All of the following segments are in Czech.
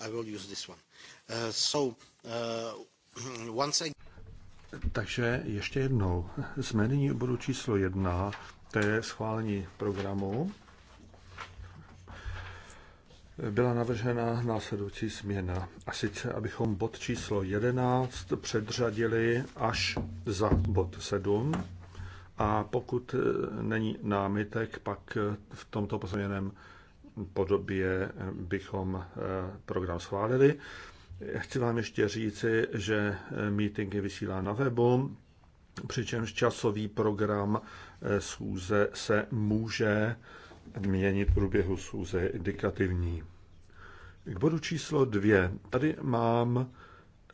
I will use this one. Uh, so, uh, once again... Takže ještě jednou. Jsme nyní u bodu číslo jedna, to je schválení programu. Byla navržena následující změna. A sice, abychom bod číslo 11 předřadili až za bod 7. A pokud eh, není námitek, pak eh, v tomto pozměněném podobě bychom eh, program schválili. Chci vám ještě říci, že meeting je vysílá na webu, přičemž časový program eh, schůze se může měnit v průběhu schůze indikativní. K bodu číslo dvě. Tady mám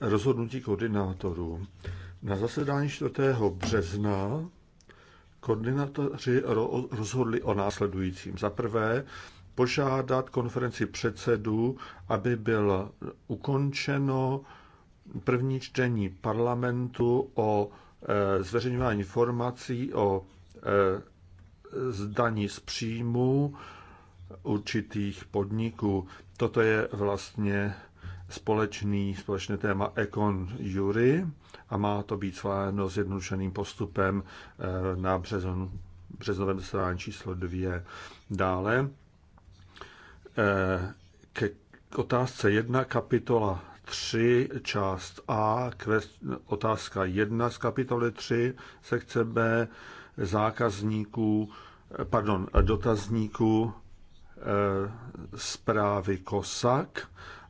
rozhodnutí koordinátorů. Na zasedání 4. března koordinátoři rozhodli o následujícím. Za prvé, požádat konferenci předsedů, aby bylo ukončeno první čtení parlamentu o e, zveřejňování informací o e, zdaní z příjmu určitých podniků. Toto je vlastně společný, společné téma Econ Jury a má to být schváleno jednodušeným postupem e, na březnovém zasedání číslo 2. Dále Eh, k otázce 1, kapitola 3, část A, otázka 1 z kapitoly 3, sekce B, zákazníků, eh, pardon, dotazníků eh, zprávy KOSAK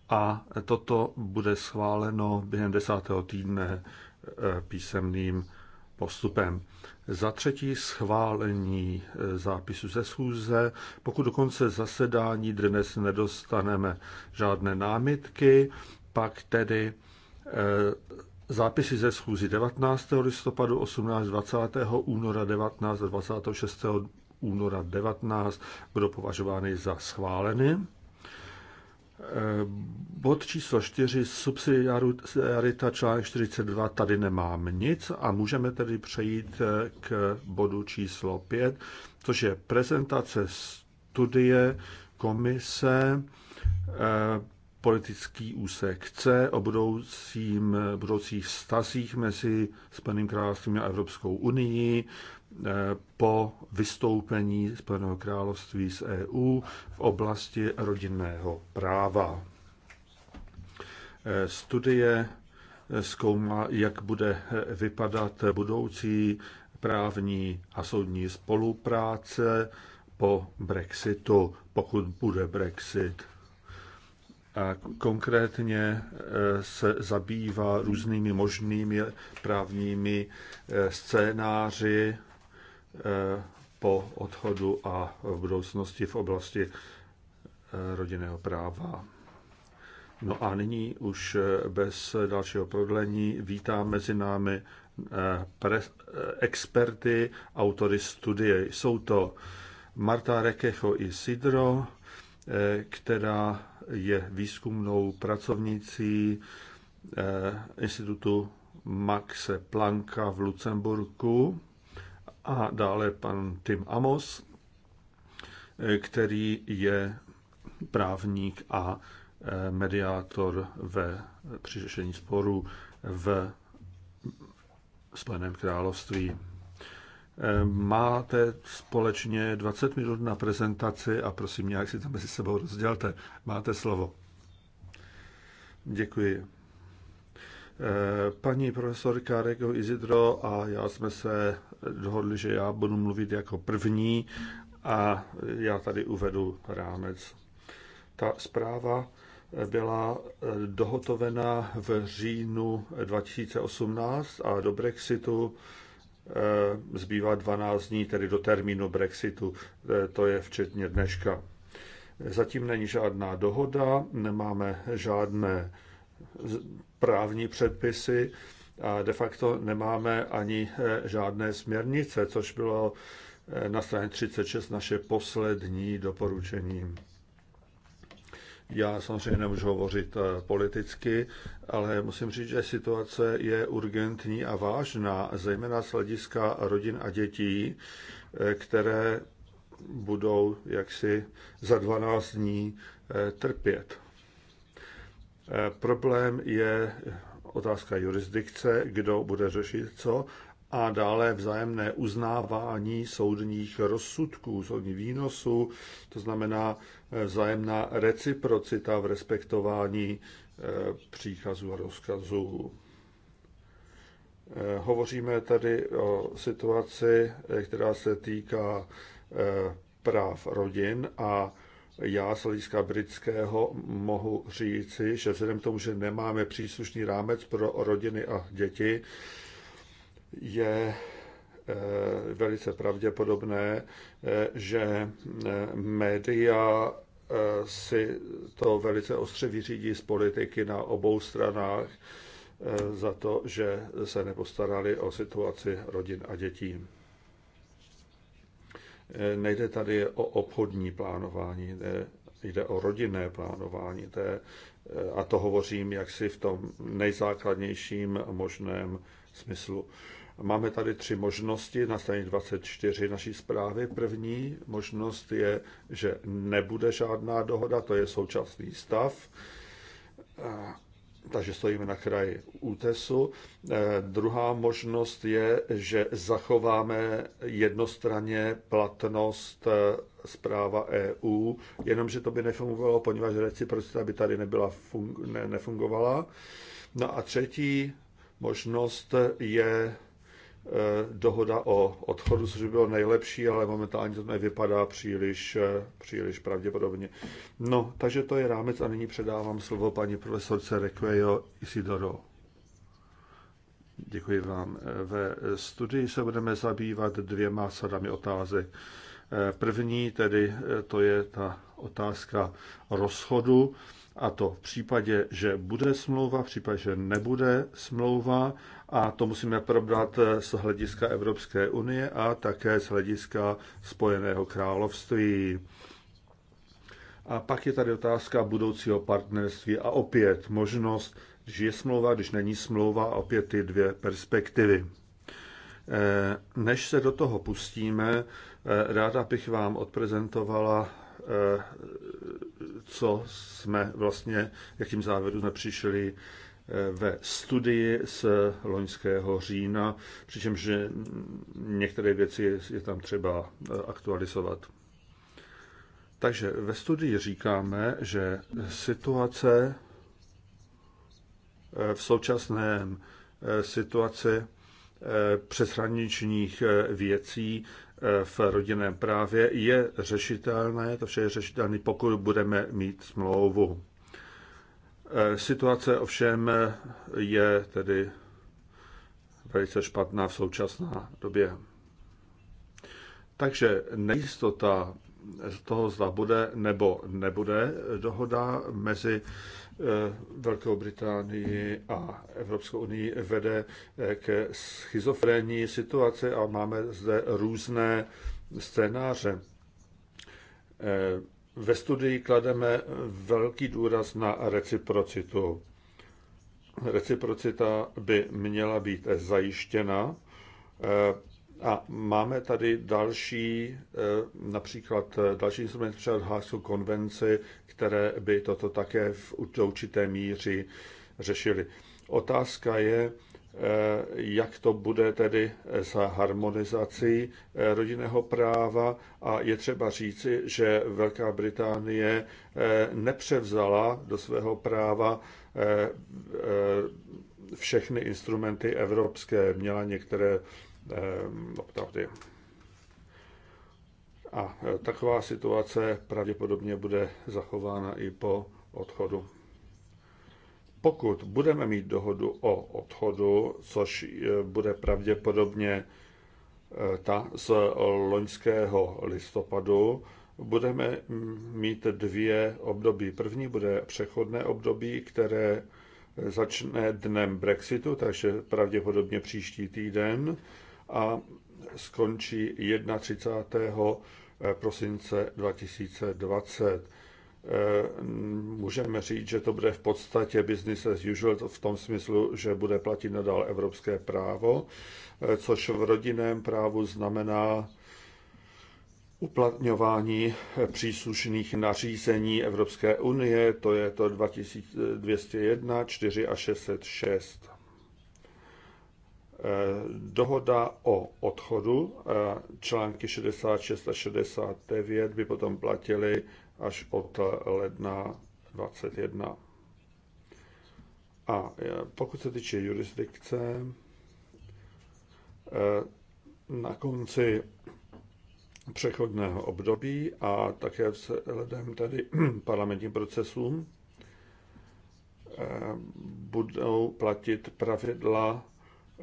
a toto bude schváleno během desátého týdne písemným postupem. Za třetí schválení e, zápisu ze schůze. Pokud do konce zasedání dnes nedostaneme žádné námitky, pak tedy e, zápisy ze schůzy 19. listopadu, 18. 20. února 19. 26. února 19 budou považovány za schváleny. Eh, bod číslo 4, subsidiarita článek 42, tady nemám nic a můžeme tedy přejít eh, k bodu číslo 5, což je prezentace studie komise eh, politický úsek C o budoucím, budoucích vztazích mezi Spojeným královstvím a Evropskou unii, Eh, po vystoupení Spojeného království z EU v oblasti rodinného práva. Eh, studie eh, zkoumá, jak bude vypadat budoucí právní a soudní spolupráce po Brexitu, pokud bude Brexit. A konkrétně se zabývá různými možnými právními scénáři Eh, po odchodu a v budoucnosti v oblasti eh, rodinného práva. No a nyní už eh, bez dalšího prodlení vítám mezi námi experty, autory studie. Jsou to Marta Rekecho i Sidro, která je výzkumnou pracovnicí institutu Maxe Planka v Lucemburku a dále pan Tim Amos, který je právník a eh, mediátor ve přiřešení sporů v Spojeném království. Eh, máte společně 20 minut na prezentaci a prosím, nějak si to mezi sebou rozdělte. Máte slovo. Děkuji. Eh, paní profesorka Rego Izidro a já jsme se dohodli, že já budu mluvit jako první a já tady uvedu rámec. Ta zpráva byla eh, dohotovena v říjnu 2018 a do Brexitu eh, zbývá 12 dní, tedy do termínu Brexitu, to je včetně dneška. Zatím není žádná dohoda, nemáme žádné právní předpisy a de facto nemáme ani eh, žádné směrnice, což bylo eh, na straně 36 naše poslední doporučení. Já samozřejmě nemůžu hovořit eh, politicky, ale musím říct, že situace je urgentní a vážná, zejména z hlediska rodin a dětí, které budou jaksi za 12 dní trpět. Eh, problém je otázka jurisdikce, kdo bude řešit co, a dále vzájemné uznávání soudních rozsudků, soudních výnosů, to znamená eh, vzájemná reciprocita v respektování eh, příkazů a rozkazů. Hovoříme tady o situaci, která se týká práv rodin a já z hlediska britského mohu říci, že vzhledem k tomu, že nemáme příslušný rámec pro rodiny a děti, je eh, velice pravděpodobné, eh, že eh, média si to velice ostře vyřídí z politiky na obou stranách za to, že se nepostarali o situaci rodin a dětí. Eh, nejde tady o obchodní plánování, jde, eh, jde o rodinné plánování. To je, eh, a to hovořím jaksi v tom nejzákladnějším možném smyslu. Máme tady tři možnosti na straně 24 naší zprávy. První možnost je, že nebude žádná dohoda, to je současný stav takže stojíme na kraji útesu. Eh, druhá možnost je, že zachováme jednostranně platnost eh, zpráva EU, jenomže to by nefungovalo, poněvadž reciprocita by tady nebyla ne, nefungovala. No a třetí možnost je Eh, dohoda o odchodu, což by bylo nejlepší, ale momentálně to nevypadá příliš, eh, příliš pravděpodobně. No, takže to je rámec a nyní předávám slovo paní profesorce Requejo Isidoro. Děkuji vám. Eh, ve studii se budeme zabývat dvěma sadami otázek. První tedy to je ta otázka rozchodu, a to v případě, že bude smlouva, v případě, že nebude smlouva, a to musíme probrat z hlediska Evropské unie a také z hlediska Spojeného království. A pak je tady otázka budoucího partnerství a opět možnost, když je smlouva, když není smlouva, a opět ty dvě perspektivy. Eh, než se do toho pustíme, eh, ráda bych vám odprezentovala, eh, co jsme vlastně, jakým závěru jsme přišli ve studii z loňského října, přičemž některé věci je tam třeba eh, aktualizovat. Takže ve studii říkáme, že situace eh, v současném eh, situaci přeshraničních věcí v rodinném právě je řešitelné, to vše je řešitelné, pokud budeme mít smlouvu. Eh, situace ovšem eh, je tedy velice špatná v současné době. Takže nejistota z toho, zda bude nebo nebude dohoda mezi eh, Velkou Británii a Evropskou unii vede ke schizofrenní situaci a máme zde různé scénáře. Ve studii klademe velký důraz na reciprocitu. Reciprocita by měla být zajištěna eh, a máme tady další, eh, například eh, další instrument třeba Hásu konvenci, které by toto také v určité míři řešili. Otázka je, Eh, jak to bude tedy s harmonizací eh, rodinného práva a je třeba říci, že Velká Británie eh, nepřevzala do svého práva všechny instrumenty evropské, měla některé optavdy. A taková situace pravděpodobně bude zachována i po odchodu pokud budeme mít dohodu o odchodu, což e, bude pravděpodobně e, ta z loňského listopadu, budeme mít dvě období. První bude přechodné období, které začne dnem Brexitu, takže pravděpodobně příští týden a skončí 31. E, prosince 2020. Eh, můžeme říct, že to bude v podstatě business as usual v tom smyslu, že bude platit nadal evropské právo, eh, což v rodinném právu znamená uplatňování eh, příslušných nařízení Evropské unie, to je to 2201, 4 a 606. Dohoda o odchodu články 66 a 69 by potom platily až od ledna 21. A eh, pokud se týče jurisdikce, eh, na konci přechodného období a také vzhledem tedy parlamentním procesům eh, budou platit pravidla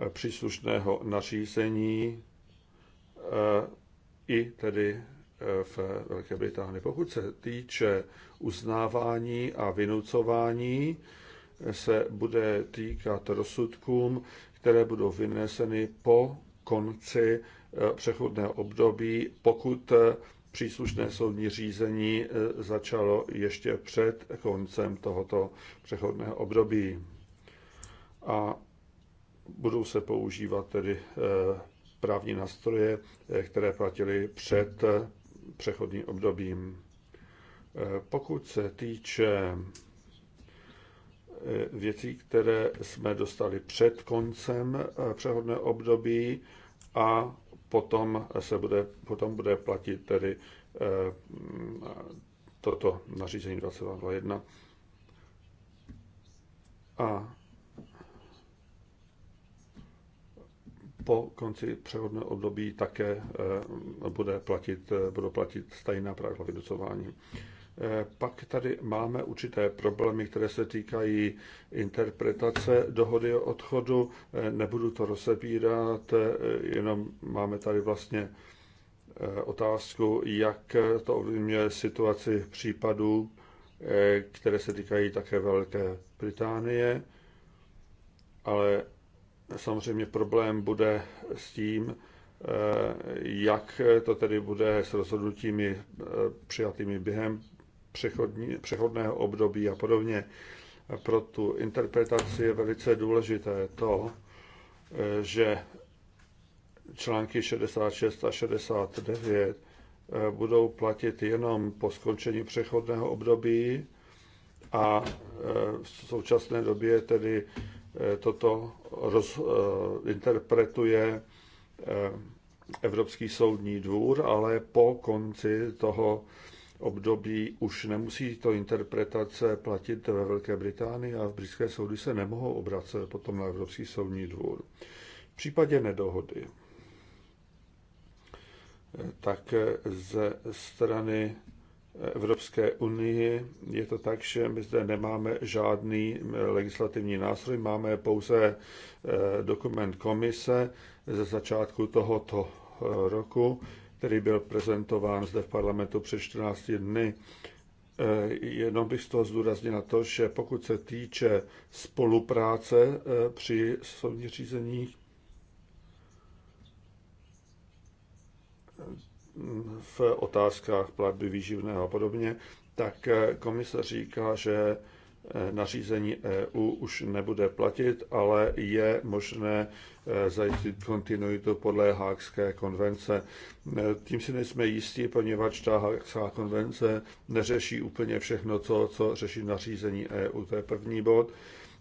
příslušného nařízení i tedy v Velké Británii. Pokud se týče uznávání a vynucování, se bude týkat rozsudkům, které budou vyneseny po konci eh, přechodného období, pokud eh, příslušné soudní řízení eh, začalo ještě před koncem tohoto přechodného období. A budou se používat tedy právní nástroje, které platily před přechodným obdobím. E, pokud se týče e, věcí, které jsme dostali před koncem e, přechodného období a potom se bude, potom bude platit tedy toto nařízení 2021. A po konci přechodného období také eh, bude platit, eh, budou platit stejná pravidla vydocování. Eh, pak tady máme určité problémy, které se týkají interpretace dohody o odchodu. Nebudu to rozebírat, jenom máme tady vlastně otázku, jak to ovlivňuje situaci v případů, které se týkají také Velké Británie, ale Samozřejmě problém bude s tím, eh, jak to tedy bude s rozhodnutími eh, přijatými během přechodného období a podobně. Pro tu interpretaci je velice důležité to, eh, že články 66 a 69 budou platit jenom po skončení přechodného období a v současné době tedy Eh, toto roz, eh, interpretuje eh, Evropský soudní dvůr, ale po konci toho období už nemusí to interpretace platit ve Velké Británii a v britské soudy se nemohou obracet potom na Evropský soudní dvůr. V případě nedohody tak ze strany Evropské unii je to tak, že my zde nemáme žádný eh, legislativní nástroj, máme pouze eh, dokument komise ze začátku tohoto eh, roku, který byl prezentován zde v parlamentu před 14 dny. Jenom bych z toho zdůraznil na to, že pokud se týče spolupráce při soudních řízeních, v otázkách platby výživného a podobně, tak eh, komise říká, že eh, nařízení EU už nebude platit, ale je možné eh, zajistit kontinuitu podle Hákské konvence. Tím si nejsme jistí, poněvadž ta Hákská konvence neřeší úplně všechno, co, co řeší nařízení EU. To je první bod.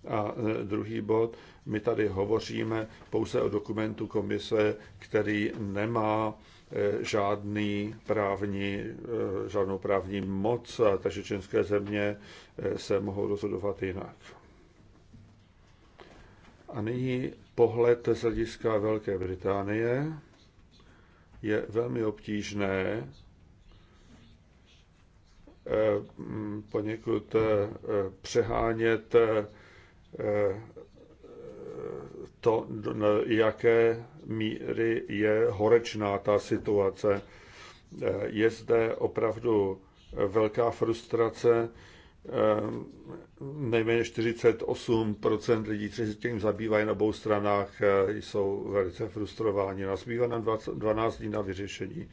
A druhý bod, my tady hovoříme pouze o dokumentu komise, který nemá Eh, žádný právní, eh, žádnou právní moc, takže čínské země eh, se mohou rozhodovat jinak. A nyní pohled z hlediska Velké Británie je velmi obtížné, poněkud přehánět to, jaké míry je horečná ta situace. Je zde opravdu velká frustrace. Nejméně 48% lidí, kteří se tím zabývají na obou stranách, jsou velice frustrováni. Nás bývá nám 12 dní na vyřešení.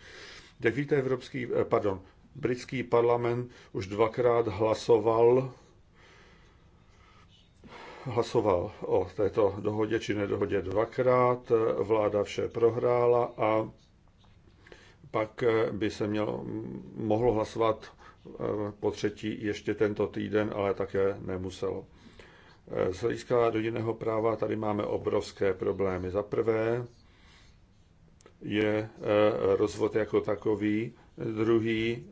Jak víte, Evropský, pardon, britský parlament už dvakrát hlasoval hlasoval o této dohodě či nedohodě dvakrát, vláda vše prohrála a pak by se mělo, mohlo hlasovat eh, po třetí ještě tento týden, ale také nemuselo. Eh, z hlediska rodinného práva tady máme obrovské problémy. Za prvé je eh, rozvod jako takový, druhý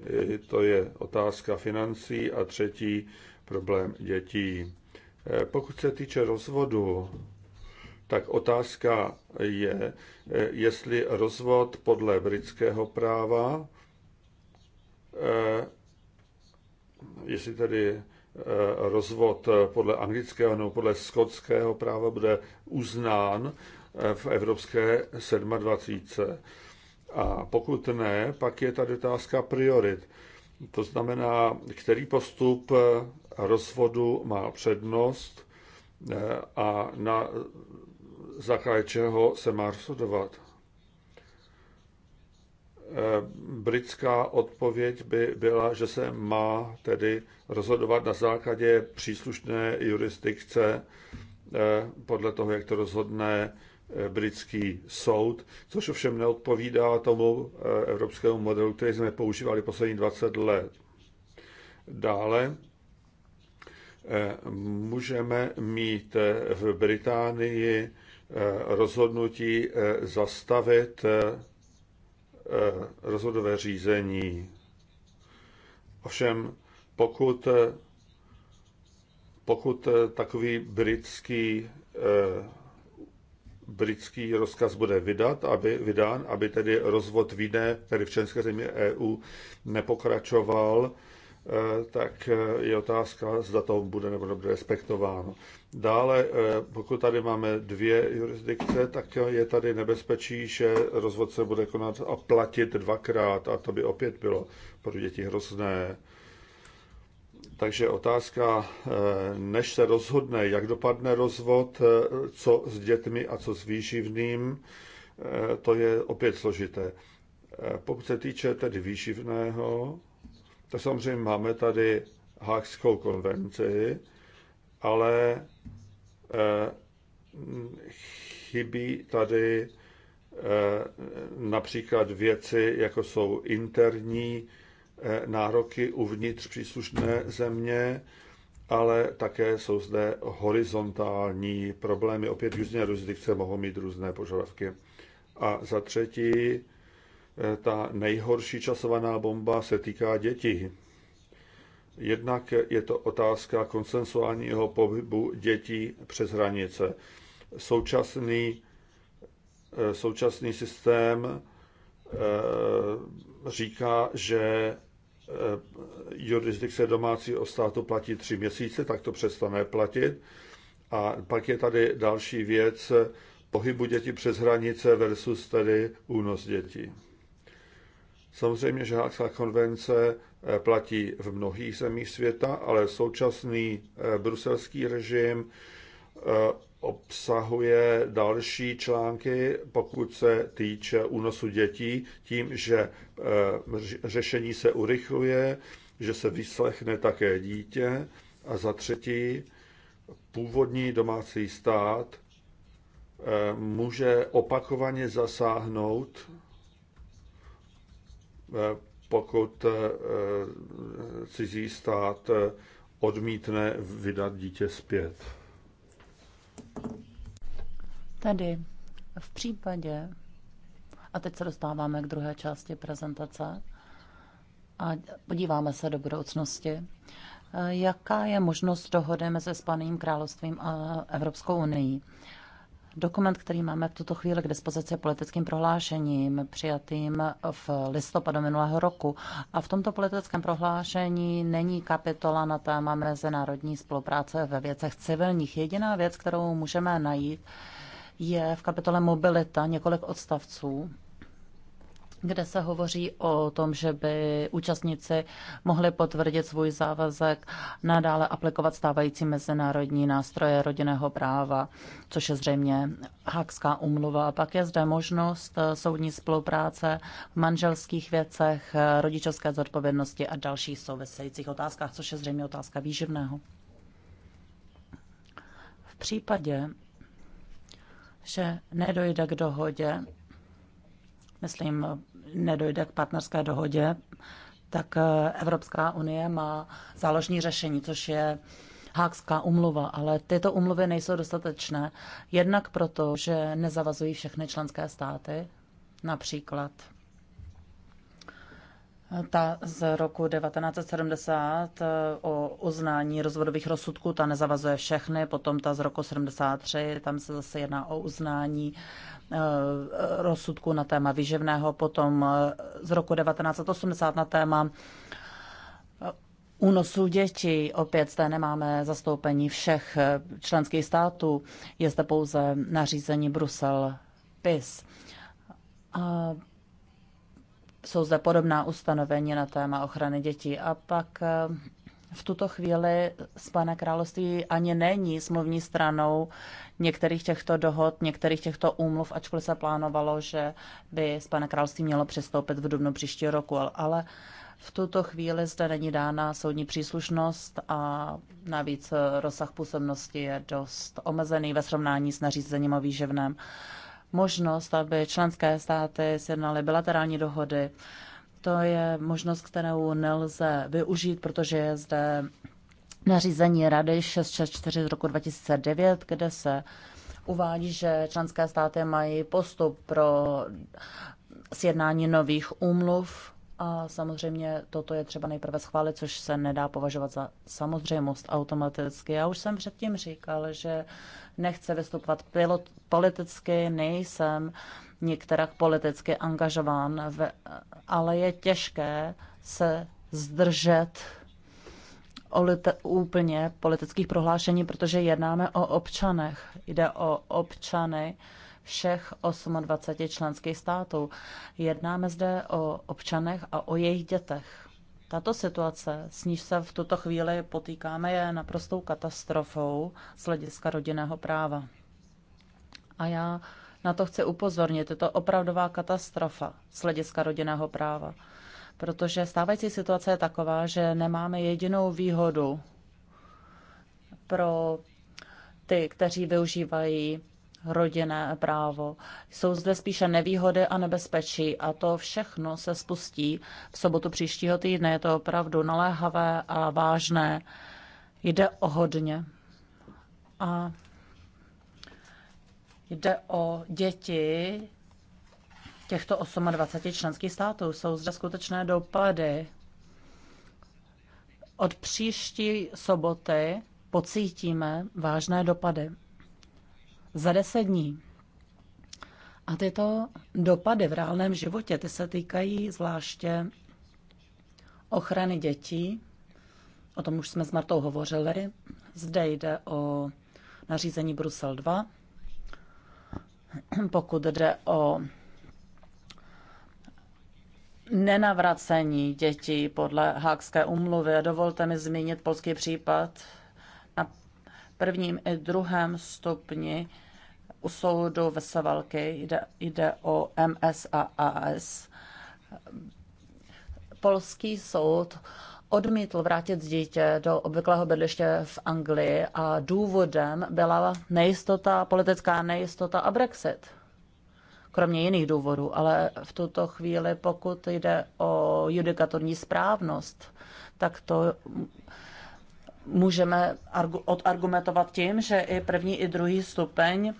to je otázka financí a třetí problém dětí. Eh, pokud se týče rozvodu, tak otázka je, eh, jestli rozvod podle britského práva, eh, jestli tedy rozvod podle anglického nebo podle skotského práva bude uznán v Evropské 27. A pokud ne, pak je tady otázka priorit. To znamená, který postup rozvodu má přednost eh, a na základě čeho se má rozhodovat. Eh, britská odpověď by byla, že se má tedy rozhodovat na základě příslušné jurisdikce eh, podle toho, jak to rozhodne Eh, britský soud, což ovšem neodpovídá tomu eh, evropskému modelu, který jsme používali poslední 20 let. Dále eh, můžeme mít v Británii rozhodnutí zastavit rozhodové řízení. Ovšem, pokud, pokud takový britský britský rozkaz bude vydat, aby, vydán, aby tedy rozvod v jiné, tedy v členské zemi EU, nepokračoval, eh, tak eh, je otázka, zda to bude nebo nebude respektováno. Dále, eh, pokud tady máme dvě jurisdikce, tak je tady nebezpečí, že rozvod se bude konat a platit dvakrát a to by opět bylo pro děti hrozné. Takže otázka, eh, než se rozhodne, jak dopadne rozvod, eh, co s dětmi a co s výživným, eh, to je opět složité. Pokud se týče tedy výživného, tak samozřejmě máme tady Hákskou konvenci, ale chybí tady například věci, jako jsou interní Eh, nároky uvnitř příslušné země, ale také jsou zde horizontální problémy. Opět různé jurisdikce mohou mít různé požadavky. A za třetí, eh, ta nejhorší časovaná bomba se týká dětí. Jednak je to otázka konsensuálního pohybu dětí přes hranice. Současný, eh, současný systém říká, že Eh, jurisdikce domácího státu platí tři měsíce, tak to přestane platit. A pak je tady další věc, pohybu dětí přes hranice versus tedy únos dětí. Samozřejmě, že Hákská konvence eh, platí v mnohých zemích světa, ale současný eh, bruselský režim obsahuje další články, pokud se týče únosu dětí, tím, že eh, řešení se urychluje, že se vyslechne také dítě a za třetí původní domácí stát eh, může opakovaně zasáhnout, eh, pokud cizí stát odmítne vydat dítě zpět. Tedy v případě, a teď se dostáváme k druhé části prezentace a podíváme se do budoucnosti, jaká je možnost dohody mezi Spaným královstvím a Evropskou unii. Dokument, který máme v tuto chvíli k dispozici politickým prohlášením, přijatým v listopadu minulého roku. A v tomto politickém prohlášení není kapitola na téma mezinárodní spolupráce ve věcech civilních. Jediná věc, kterou můžeme najít, je v kapitole Mobilita několik odstavců kde se hovoří o tom, že by účastníci mohli potvrdit svůj závazek nadále aplikovat stávající mezinárodní nástroje rodinného práva, což je zřejmě Hakská umluva. Pak je zde možnost eh, soudní spolupráce v manželských věcech, eh, rodičovské zodpovědnosti a dalších souvisejících otázkách, což je zřejmě otázka výživného. V případě, že nedojde k dohodě, myslím, nedojde k partnerské dohodě, tak Evropská unie má záložní řešení, což je Hákská umluva, ale tyto umluvy nejsou dostatečné. Jednak proto, že nezavazují všechny členské státy, například ta z roku 1970 eh, o uznání rozvodových rozsudků, ta nezavazuje všechny, potom ta z roku 73, tam se zase jedná o uznání eh, rozsudků na téma výživného, potom eh, z roku 1980 na téma únosu dětí. Opět zde nemáme zastoupení všech členských států, je zde pouze nařízení Brusel PIS jsou zde podobná ustanovení na téma ochrany dětí. A pak eh, v tuto chvíli Spojené království ani není smluvní stranou některých těchto dohod, některých těchto úmluv, ačkoliv se plánovalo, že by Spojené království mělo přistoupit v dubnu příštího roku, ale v tuto chvíli zde není dána soudní příslušnost a navíc eh, rozsah působnosti je dost omezený ve srovnání s nařízením o výživném možnost, aby členské státy sjednaly bilaterální dohody. To je možnost, kterou nelze využít, protože je zde nařízení Rady 664 z roku 2009, kde se uvádí, že členské státy mají postup pro sjednání nových úmluv a samozřejmě toto je třeba nejprve schválit, což se nedá považovat za samozřejmost automaticky. Já už jsem předtím říkal, že nechci vystupovat pilot, politicky, nejsem některak politicky angažován, ve, ale je těžké se zdržet úplně politických prohlášení, protože jednáme o občanech. Jde o občany, všech 28 členských států. Jednáme zde o občanech a o jejich dětech. Tato situace, s níž se v tuto chvíli potýkáme, je naprostou katastrofou z hlediska rodinného práva. A já na to chci upozornit. Je to opravdová katastrofa z hlediska rodinného práva. Protože stávající situace je taková, že nemáme jedinou výhodu pro ty, kteří využívají rodinné právo. Jsou zde spíše nevýhody a nebezpečí a to všechno se spustí v sobotu příštího týdne. Je to opravdu naléhavé a vážné. Jde o hodně. A jde o děti těchto 28 členských států. Jsou zde skutečné dopady. Od příští soboty pocítíme vážné dopady za deset dní. A tyto dopady v reálném životě, ty se týkají zvláště ochrany dětí, o tom už jsme s Martou hovořili, zde jde o nařízení Brusel 2, pokud jde o nenavracení dětí podle Hákské umluvy. Dovolte mi zmínit polský případ. Na prvním i druhém stupni u soudu ve Savalky. Jde, jde o MS a AS. Polský soud odmítl vrátit dítě do obvyklého bydliště v Anglii a důvodem byla nejistota, politická nejistota a Brexit. Kromě jiných důvodů, ale v tuto chvíli, pokud jde o judikatorní správnost, tak to můžeme odargumentovat tím, že i první, i druhý stupeň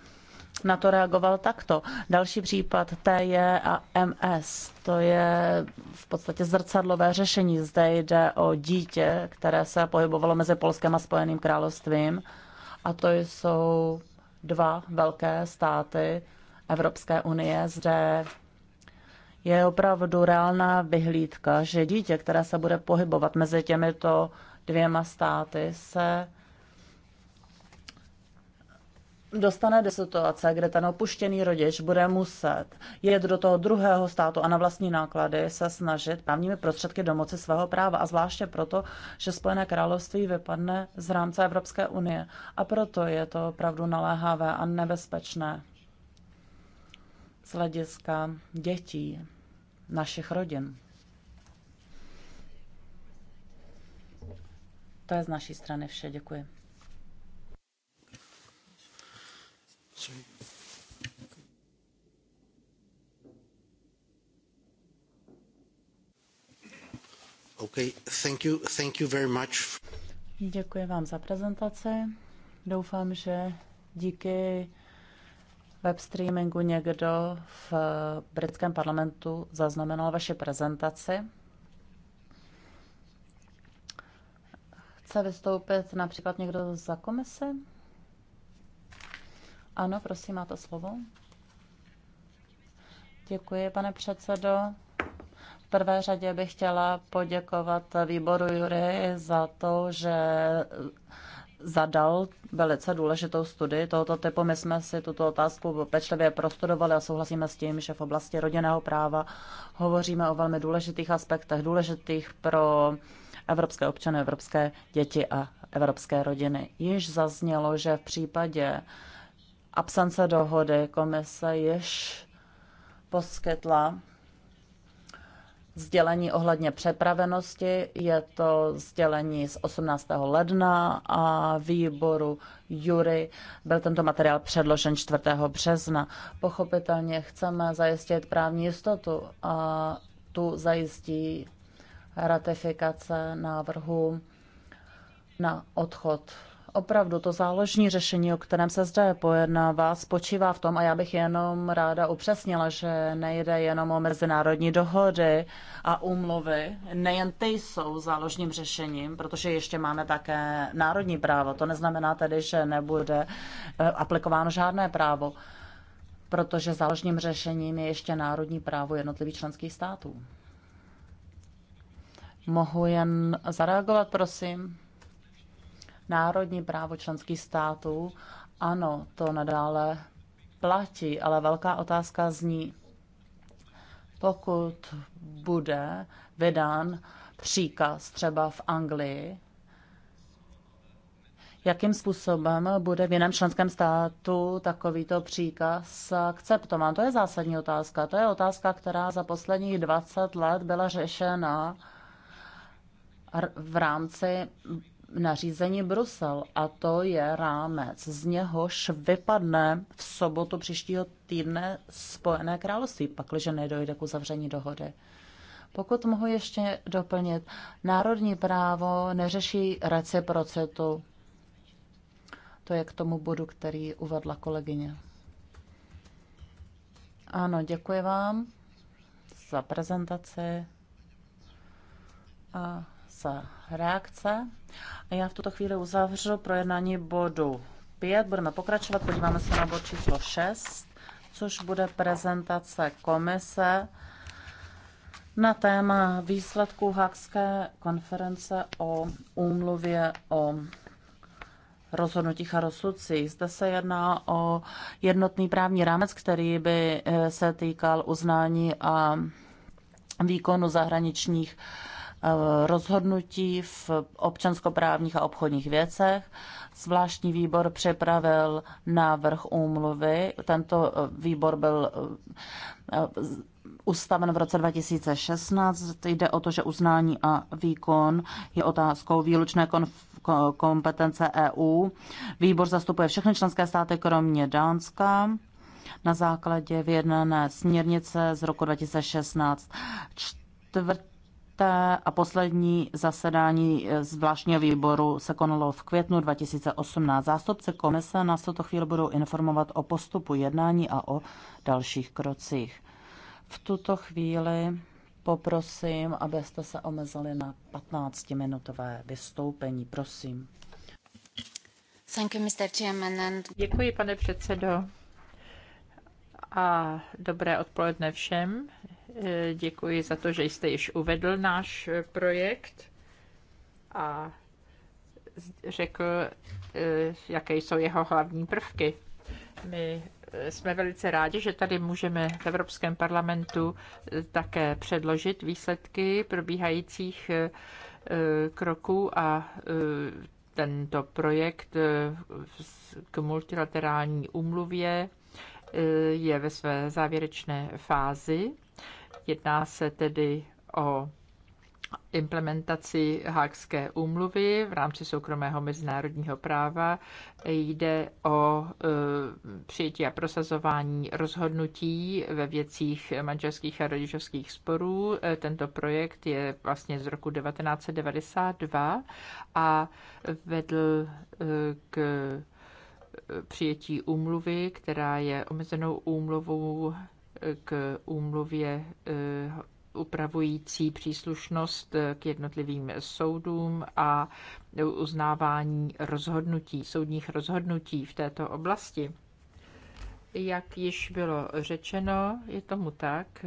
na to reagoval takto. Další případ TJ a MS. To je v podstatě zrcadlové řešení. Zde jde o dítě, které se pohybovalo mezi Polskem a Spojeným královstvím. A to jsou dva velké státy Evropské unie. Zde je opravdu reálná vyhlídka, že dítě, které se bude pohybovat mezi těmito dvěma státy, se dostane do situace, kde ten opuštěný rodič bude muset jet do toho druhého státu a na vlastní náklady se snažit právními prostředky domoci svého práva. A zvláště proto, že Spojené království vypadne z rámce Evropské unie. A proto je to opravdu naléhavé a nebezpečné z hlediska dětí, našich rodin. To je z naší strany vše. Děkuji. Okay, thank you, thank you very much. Děkuji vám za prezentaci. Doufám, že díky web streamingu někdo v britském parlamentu zaznamenal vaše prezentaci. Chce vystoupit například někdo za komisi? Ano, prosím, máte slovo. Děkuji, pane předsedo. V prvé řadě bych chtěla poděkovat výboru Jury za to, že zadal velice důležitou studii tohoto typu. My jsme si tuto otázku pečlivě prostudovali a souhlasíme s tím, že v oblasti rodinného práva hovoříme o velmi důležitých aspektech, důležitých pro evropské občany, evropské děti a evropské rodiny. Již zaznělo, že v případě absence dohody. Komise již poskytla sdělení ohledně přepravenosti. Je to sdělení z 18. ledna a výboru Jury byl tento materiál předložen 4. března. Pochopitelně chceme zajistit právní jistotu a tu zajistí ratifikace návrhu na odchod opravdu to záložní řešení, o kterém se zde pojednává, spočívá v tom, a já bych jenom ráda upřesnila, že nejde jenom o mezinárodní dohody a úmluvy. Nejen ty jsou záložním řešením, protože ještě máme také národní právo. To neznamená tedy, že nebude eh, aplikováno žádné právo, protože záložním řešením je ještě národní právo jednotlivých členských států. Mohu jen zareagovat, prosím? národní právo členských států. Ano, to nadále platí, ale velká otázka zní, pokud bude vydán příkaz třeba v Anglii, jakým způsobem bude v jiném členském státu takovýto příkaz akceptován. To je zásadní otázka. To je otázka, která za posledních 20 let byla řešena v rámci nařízení Brusel a to je rámec. Z něhož vypadne v sobotu příštího týdne Spojené království, pakliže nedojde k uzavření dohody. Pokud mohu ještě doplnit, národní právo neřeší reciprocitu. To je k tomu bodu, který uvedla kolegyně. Ano, děkuji vám za prezentaci. A se reakce. A já v tuto chvíli uzavřu projednání bodu 5. Budeme pokračovat, podíváme se na bod číslo 6, což bude prezentace komise na téma výsledků Hákské konference o úmluvě o rozhodnutích a rozsudcích. Zde se jedná o jednotný právní rámec, který by eh, se týkal uznání a výkonu zahraničních rozhodnutí v občanskoprávních a obchodních věcech. Zvláštní výbor připravil návrh úmluvy. Tento eh, výbor byl eh, ustaven v roce 2016. Jde o to, že uznání a výkon je otázkou výlučné konf- kompetence EU. Výbor zastupuje všechny členské státy, kromě Dánska na základě vyjednané směrnice z roku 2016. Čtvrtý Čtvrté a poslední zasedání eh, zvláštního výboru se konalo v květnu 2018. Zástupce komise nás toto chvíli budou informovat o postupu jednání a o dalších krocích. V tuto chvíli poprosím, abyste se omezili na 15-minutové vystoupení. Prosím. Thank you, Mr. Chairman, Děkuji, pane předsedo. A dobré odpoledne všem. Eh, děkuji za to, že jste již uvedl náš eh, projekt a řekl, eh, jaké jsou jeho hlavní prvky. My jsme velice rádi, že tady můžeme v Evropském parlamentu také předložit výsledky probíhajících kroků a tento projekt k multilaterální úmluvě je ve své závěrečné fázi Jedná se tedy o implementaci Hákské úmluvy v rámci soukromého mezinárodního práva. Jde o e, přijetí a prosazování rozhodnutí ve věcích manželských a rodičovských sporů. E, tento projekt je vlastně z roku 1992 a vedl e, k přijetí úmluvy, která je omezenou úmluvou k úmluvě eh, upravující příslušnost eh, k jednotlivým soudům a uznávání rozhodnutí, soudních rozhodnutí v této oblasti. Jak již bylo řečeno, je tomu tak,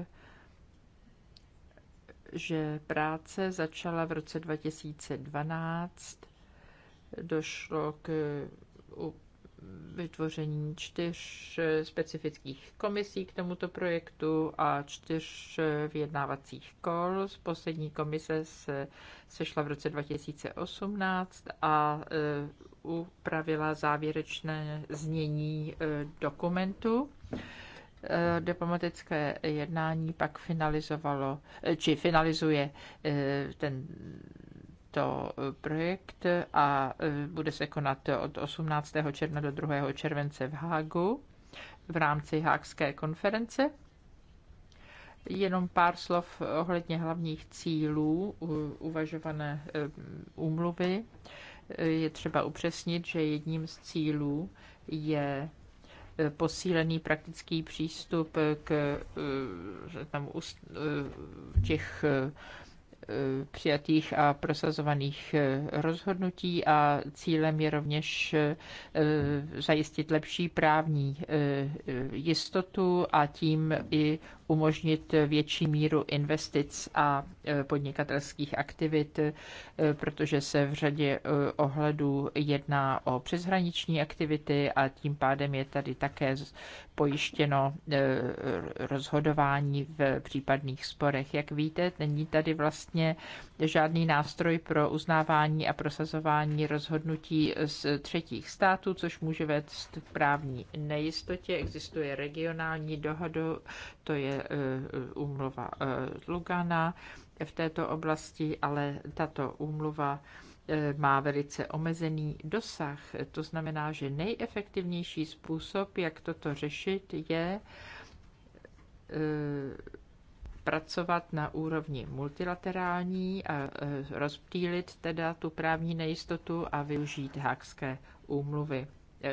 že práce začala v roce 2012. Došlo k vytvoření čtyř specifických komisí k tomuto projektu a čtyř vyjednávacích kol. Poslední komise se sešla v roce 2018 a e, upravila závěrečné znění e, dokumentu. E, diplomatické jednání pak finalizovalo, či finalizuje ten to e, projekt a e, bude se konat od 18. června do 2. července v Hágu v rámci Hákské konference. Jenom pár slov ohledně hlavních cílů uvažované e, úmluvy. Je třeba upřesnit, že jedním z cílů je posílený praktický přístup k tam, těch Eh, přijatých a prosazovaných eh, rozhodnutí a cílem je rovněž eh, zajistit lepší právní jistotu a tím i umožnit větší míru investic a e, podnikatelských aktivit, e, protože se v řadě e, ohledů jedná o přeshraniční aktivity a tím pádem je tady také pojištěno rozhodování v případných sporech. Jak víte, není tady vlastně žádný nástroj pro uznávání a prosazování rozhodnutí z třetích států, což může vést k právní nejistotě. Existuje regionální dohodu, to je Eh, úmluva eh, Lugana v této oblasti, ale tato úmluva eh, má velice omezený dosah. To znamená, že nejefektivnější způsob, jak toto řešit, je pracovat na úrovni multilaterální a rozptýlit teda tu právní nejistotu a využít hákské úmluvy.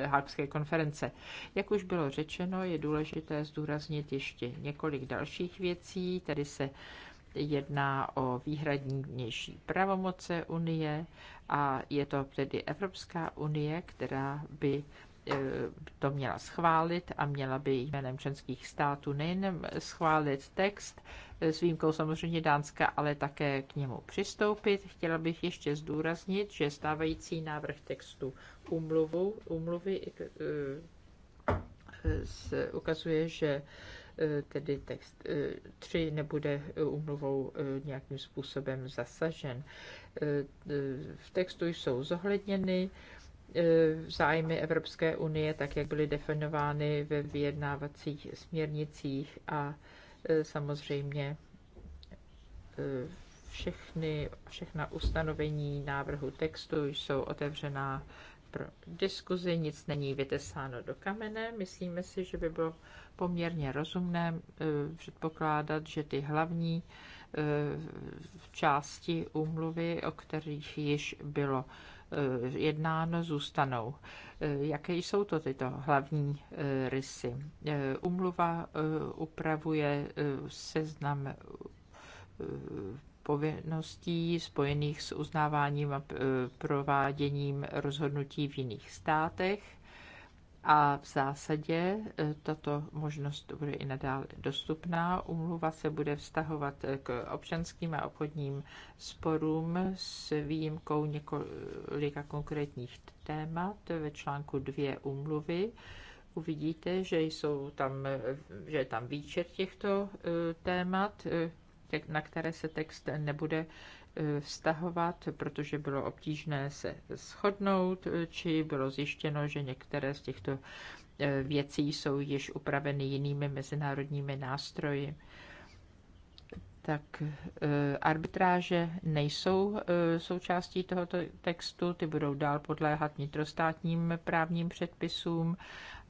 Hákské eh, konference. Jak už bylo řečeno, je důležité zdůraznit ještě několik dalších věcí, Tady se jedná o výhradnější pravomoce Unie a je to tedy Evropská unie, která by E, to měla schválit a měla by jménem členských států nejen schválit text e, s výjimkou samozřejmě Dánska, ale také k němu přistoupit. Chtěla bych ještě zdůraznit, že stávající návrh textu umluvu, umluvy e, ukazuje, že tedy text 3 nebude umluvou nějakým způsobem zasažen. V textu jsou zohledněny E, zájmy Evropské unie, tak jak byly definovány ve vyjednávacích směrnicích a e, samozřejmě e, všechny, všechna ustanovení návrhu textu jsou otevřená pro diskuzi, nic není vytesáno do kamene. Myslíme si, že by bylo poměrně rozumné předpokládat, že ty hlavní části úmluvy, o kterých již bylo Eh, jednáno zůstanou. Eh, jaké jsou to tyto hlavní eh, rysy? Umluva upravuje seznam povinností spojených s uznáváním a prováděním rozhodnutí v jiných státech. A v zásadě e, tato možnost bude i nadále dostupná. Umluva se bude vztahovat k občanským a obchodním sporům s výjimkou několika konkrétních témat ve článku dvě umluvy uvidíte, že, jsou tam, že je tam výčet těchto e, témat, e, na které se text nebude Eh, vztahovat, protože bylo obtížné se shodnout, eh, či bylo zjištěno, že některé z těchto eh, věcí jsou již upraveny jinými mezinárodními nástroji tak arbitráže nejsou součástí tohoto textu, ty budou dál podléhat vnitrostátním právním předpisům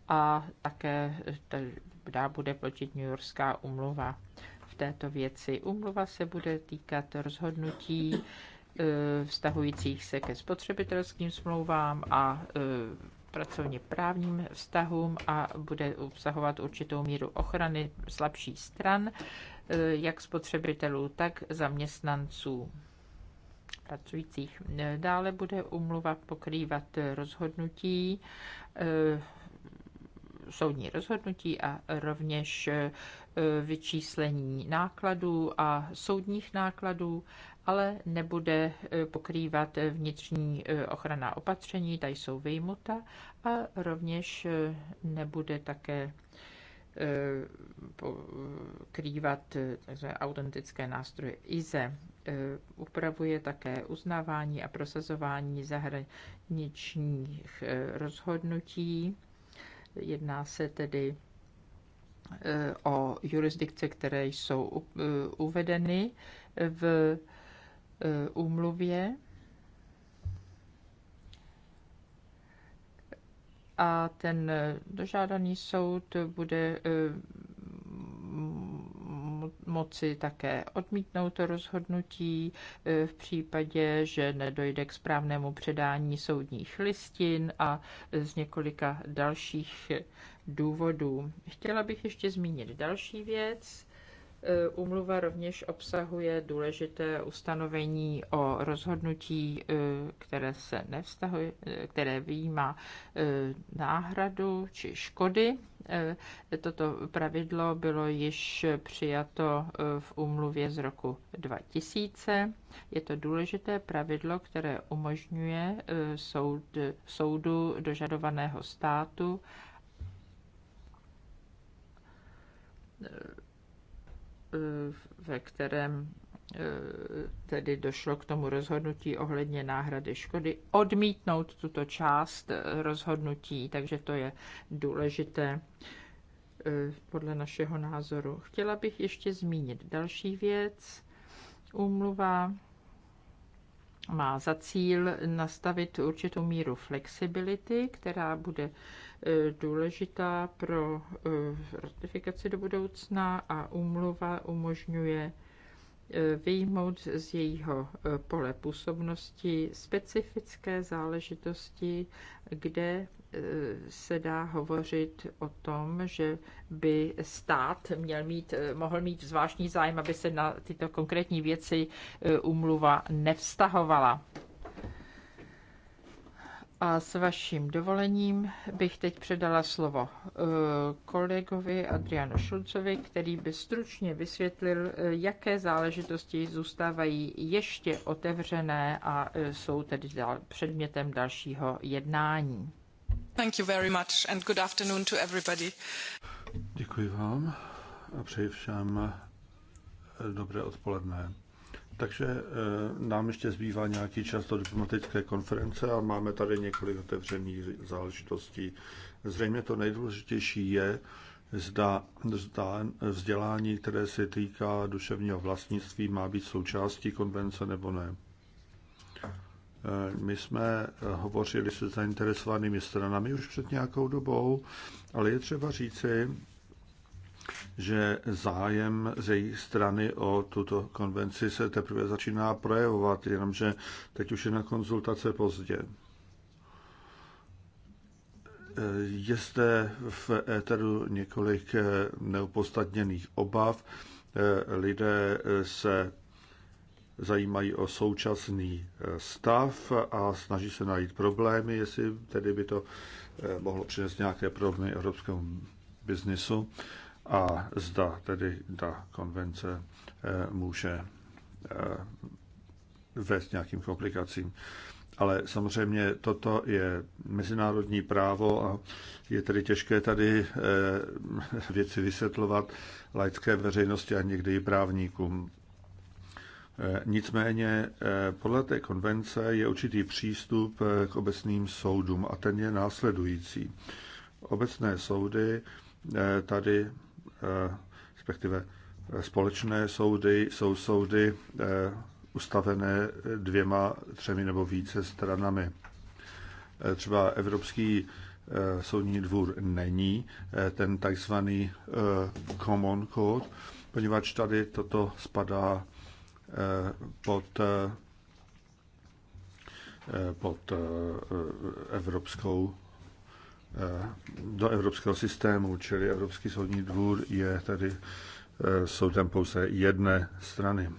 a také dál bude platit New Yorkská umluva této věci. Umluva se bude týkat rozhodnutí e, vztahujících se ke spotřebitelským smlouvám a e, pracovně právním vztahům a bude obsahovat určitou míru ochrany slabší stran, e, jak spotřebitelů, tak zaměstnanců pracujících. Dále bude umluva pokrývat rozhodnutí soudní rozhodnutí a rovněž E, vyčíslení nákladů a soudních nákladů, ale nebude e, pokrývat vnitřní e, ochrana opatření, ta jsou vyjmuta a rovněž nebude také pokrývat autentické nástroje IZE. Upravuje také uznávání a prosazování zahraničních rozhodnutí. Jedná se tedy o jurisdikce, které jsou uh, uvedeny v uh, úmluvě. A ten uh, dožádaný soud bude moci také odmítnout to rozhodnutí e, v případě, že nedojde k správnému předání soudních listin a z několika dalších důvodů. Chtěla bych ještě zmínit další věc. Eh, úmluva rovněž obsahuje důležité ustanovení o rozhodnutí, eh, které se nevztahuje, eh, které výjímá náhradu či škody. Toto pravidlo bylo již přijato v úmluvě z roku 2000. Je to důležité pravidlo, které umožňuje soud, soudu dožadovaného státu Eh, ve kterém eh, tedy došlo k tomu rozhodnutí ohledně náhrady škody, odmítnout tuto část eh, rozhodnutí, takže to je důležité podle našeho názoru. Chtěla bych ještě zmínit další věc. Úmluva má za cíl nastavit určitou míru flexibility, která bude Eh, důležitá pro eh, ratifikaci do budoucna a úmluva umožňuje eh, vyjmout z jejího pole působnosti specifické záležitosti, kde se dá hovořit o tom, že by stát měl mít, mohl mít zvláštní zájem, aby se na tyto konkrétní věci umluva nevztahovala. A s vaším dovolením bych teď předala slovo eh, kolegovi Adrianu Šulcovi, který by stručně vysvětlil, eh, jaké záležitosti zůstávají ještě otevřené a eh, jsou tedy předmětem dalšího jednání. Thank you very much and good afternoon to everybody. Děkuji vám a přeji všem dobré odpoledne. Takže eh, nám ještě zbývá nějaký čas do diplomatické konference a máme tady několik otevřených záležitostí. Zřejmě to nejdůležitější je, zda zda vzdělání, které se týká duševního vlastnictví, má být součástí konvence nebo ne. Eh, my jsme hovořili se zainteresovanými stranami už před nějakou dobou, ale je třeba říci, že zájem z jejich strany o tuto konvenci se teprve začíná projevovat, jenomže teď už je na konzultace pozdě. Je zde v éteru několik neopodstatněných obav. Lidé se zajímají o současný stav a snaží se najít problémy, jestli tedy by to eh, mohlo přinést nějaké problémy evropskému biznisu a zda tedy ta konvence eh, může eh, vést nějakým komplikacím. Ale samozřejmě toto je mezinárodní právo a je tedy těžké tady eh, věci vysvětlovat laické veřejnosti a někdy i právníkům. Nicméně podle té konvence je určitý přístup k obecným soudům a ten je následující. Obecné soudy tady Eh, respektive eh, společné soudy jsou soudy eh, ustavené dvěma, třemi nebo více stranami. Třeba Evropský soudní dvůr není ten takzvaný common code, poněvadž tady toto spadá pod pod evropskou Eh, do evropského systému, čili Evropský soudní dvůr je tedy eh, soudem pouze jedné strany.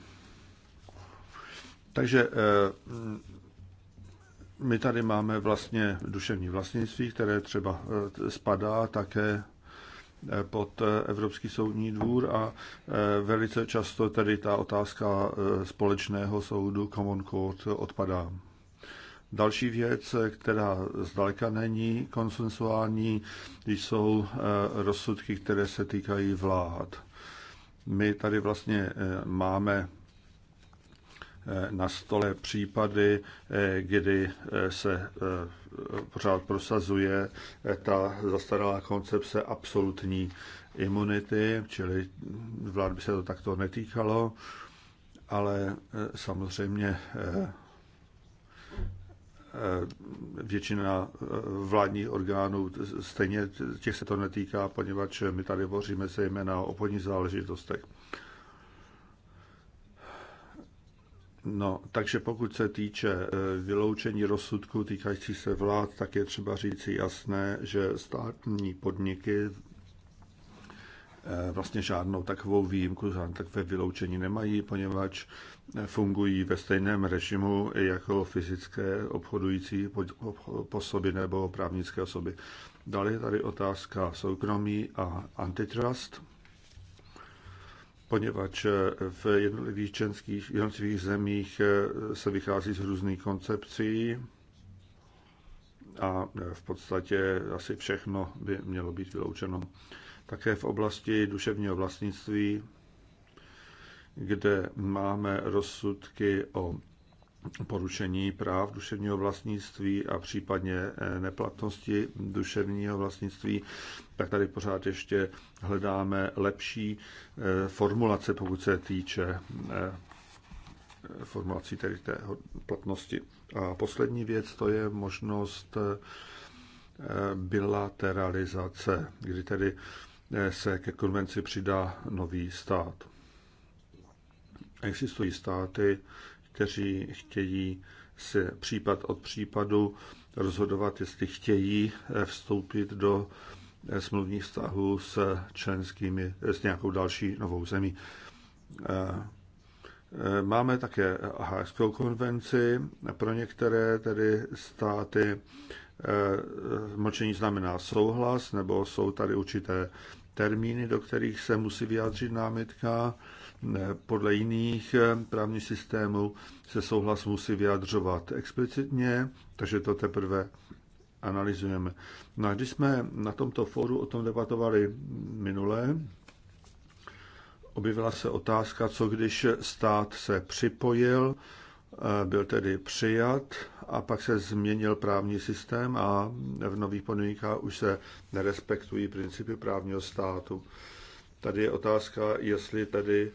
Takže eh, my tady máme vlastně duševní vlastnictví, které třeba spadá také pod Evropský soudní dvůr a velice často tedy ta otázka společného soudu Common Court odpadá. Další věc, která zdaleka není konsensuální, jsou eh, rozsudky, které se týkají vlád. My tady vlastně eh, máme eh, na stole případy, kdy se pořád prosazuje ta zastaralá koncepce absolutní imunity, čili vlád by se to takto netýkalo, ale samozřejmě většina eh, vládních orgánů, stejně těch se to netýká, poněvadž my tady hovoříme zejména o obchodních záležitostech. No, takže pokud se týče eh, vyloučení rozsudku týkající se vlád, tak je třeba říci jasné, že státní podniky Eh, vlastně žádnou takovou výjimku, žádnou takové vyloučení nemají, poněvadž eh, fungují ve stejném režimu jako fyzické obchodující osoby nebo právnické osoby. Dále je tady otázka soukromí a antitrust, poněvadž eh, v jednotlivých členských jednotlivých zemích se vychází z různých koncepcí a v podstatě asi všechno by mělo být vyloučeno také v oblasti duševního vlastnictví, kde máme rozsudky o porušení práv duševního vlastnictví a případně eh, neplatnosti duševního vlastnictví, tak tady pořád ještě hledáme lepší eh, formulace, pokud se týče eh, formulací tedy té platnosti. A poslední věc to je možnost bilateralizace, kdy tedy se ke konvenci přidá nový stát. Existují státy, kteří chtějí se případ od případu rozhodovat, jestli chtějí eh, vstoupit do eh, smluvních vztahů s členskými, eh, s nějakou další novou zemí. Máme také Hájskou konvenci. Pro některé tedy státy Eh, mlčení znamená souhlas, nebo jsou tady určité termíny, do kterých se musí vyjádřit námitka. Eh, podle jiných eh, právních systémů se souhlas musí vyjadřovat explicitně, takže to teprve analyzujeme. No a když jsme na tomto fóru o tom debatovali minule, objevila se otázka, co když stát se připojil byl tedy přijat a pak se změnil právní systém a v nových podmínkách už se nerespektují principy právního státu. Tady je otázka, jestli tedy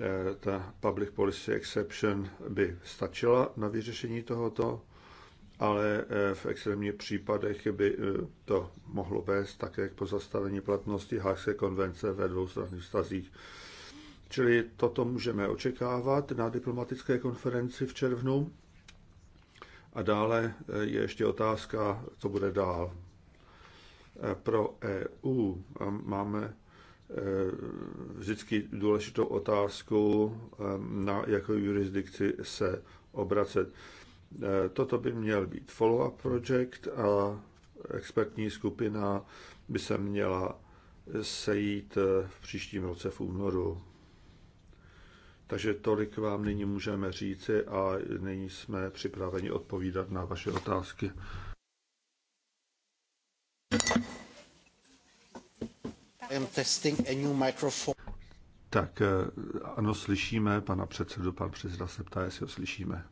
eh, ta public policy exception by stačila na vyřešení tohoto, ale eh, v extrémních případech by eh, to mohlo vést také k pozastavení platnosti Hákské konvence ve dvoustranných vztazích. Čili toto můžeme očekávat na diplomatické konferenci v červnu. A dále eh, je ještě otázka, co bude dál. Eh, pro EU eh, máme vždycky důležitou otázku, na jakou jurisdikci se obracet. Toto by měl být follow-up project a expertní skupina by se měla sejít v příštím roce v únoru. Takže tolik vám nyní můžeme říci a nyní jsme připraveni odpovídat na vaše otázky. I'm testing a new microphone. Tak eh, ano, slyšíme pana předsedu. Pan předseda se ptá, jestli ho slyšíme.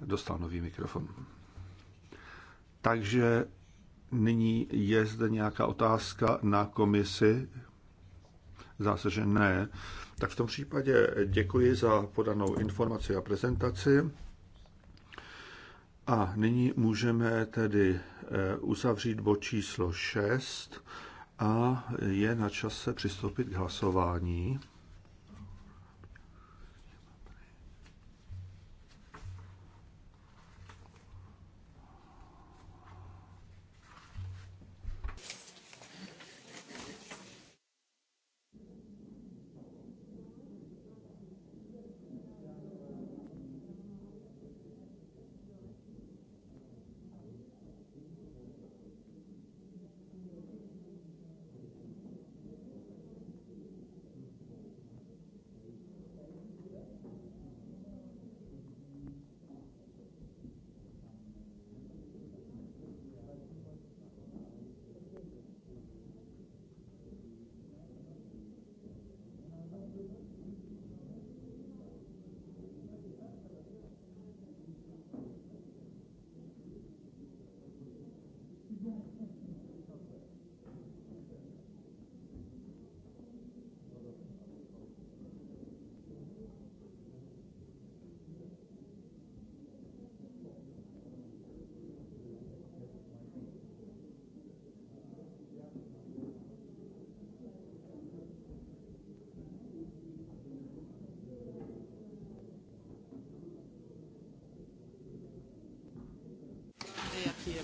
Dostal nový mikrofon. Takže nyní je zde nějaká otázka na komisi Zdá se, že ne. Tak v tom případě děkuji za podanou informaci a prezentaci. A nyní můžeme tedy eh, uzavřít bod číslo 6 a je na čase přistoupit k hlasování.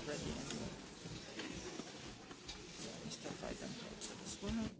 already in the Mr.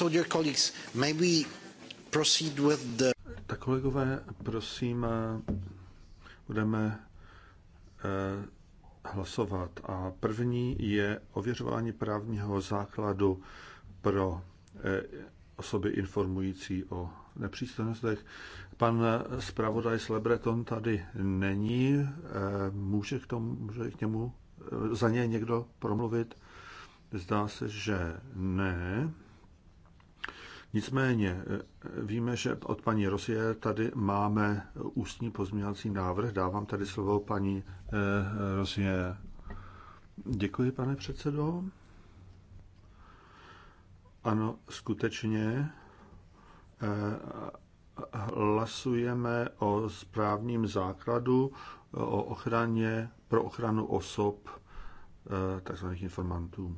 So, dear colleagues, may we proceed with the... Tak kolegové, prosím, eh, budeme eh, hlasovat. A první je ověřování právního základu pro eh, osoby informující o nepřístojnostech. Pan zpravodaj Slebreton tady není. Může k, tomu, může k němu za něj někdo promluvit? Zdá se, že ne. Nicméně eh, víme, že od paní Rosie tady máme ústní pozměňovací návrh. Dávám tady slovo paní eh, Rosie. Děkuji, pane předsedo. Ano, skutečně eh, hlasujeme o správním základu o ochraně, pro ochranu osob takzvaných informantů.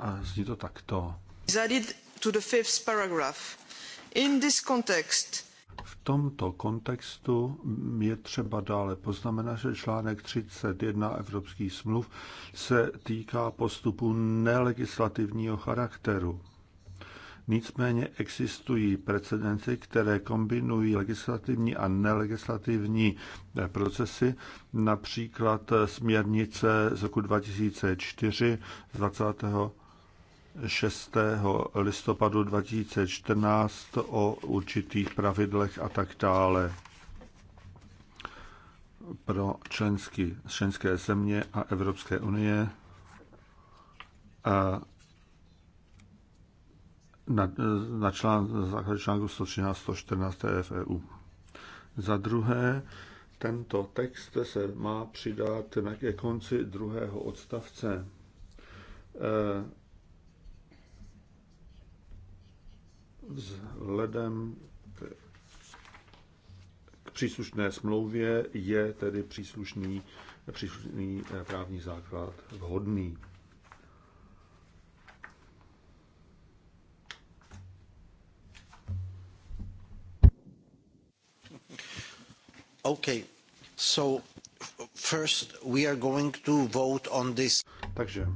A zní to takto. v tomto kontextu je třeba dále poznamenat, že článek 31 evropských smluv se týká postupu nelegislativního charakteru. Nicméně existují precedenci, které kombinují legislativní a nelegislativní eh, procesy, například směrnice z roku 2004 z 20. 6. listopadu 2014 o určitých pravidlech a tak dále pro členský, členské země a Evropské unie a na, na člán, základě článku 113 114 EFEU. Za druhé, tento text se má přidat na ke konci druhého odstavce e, Vzhledem k příslušné smlouvě je tedy příslušný, příslušný eh, právní základ vhodný. Okay. So first we are going to vote on this. Takže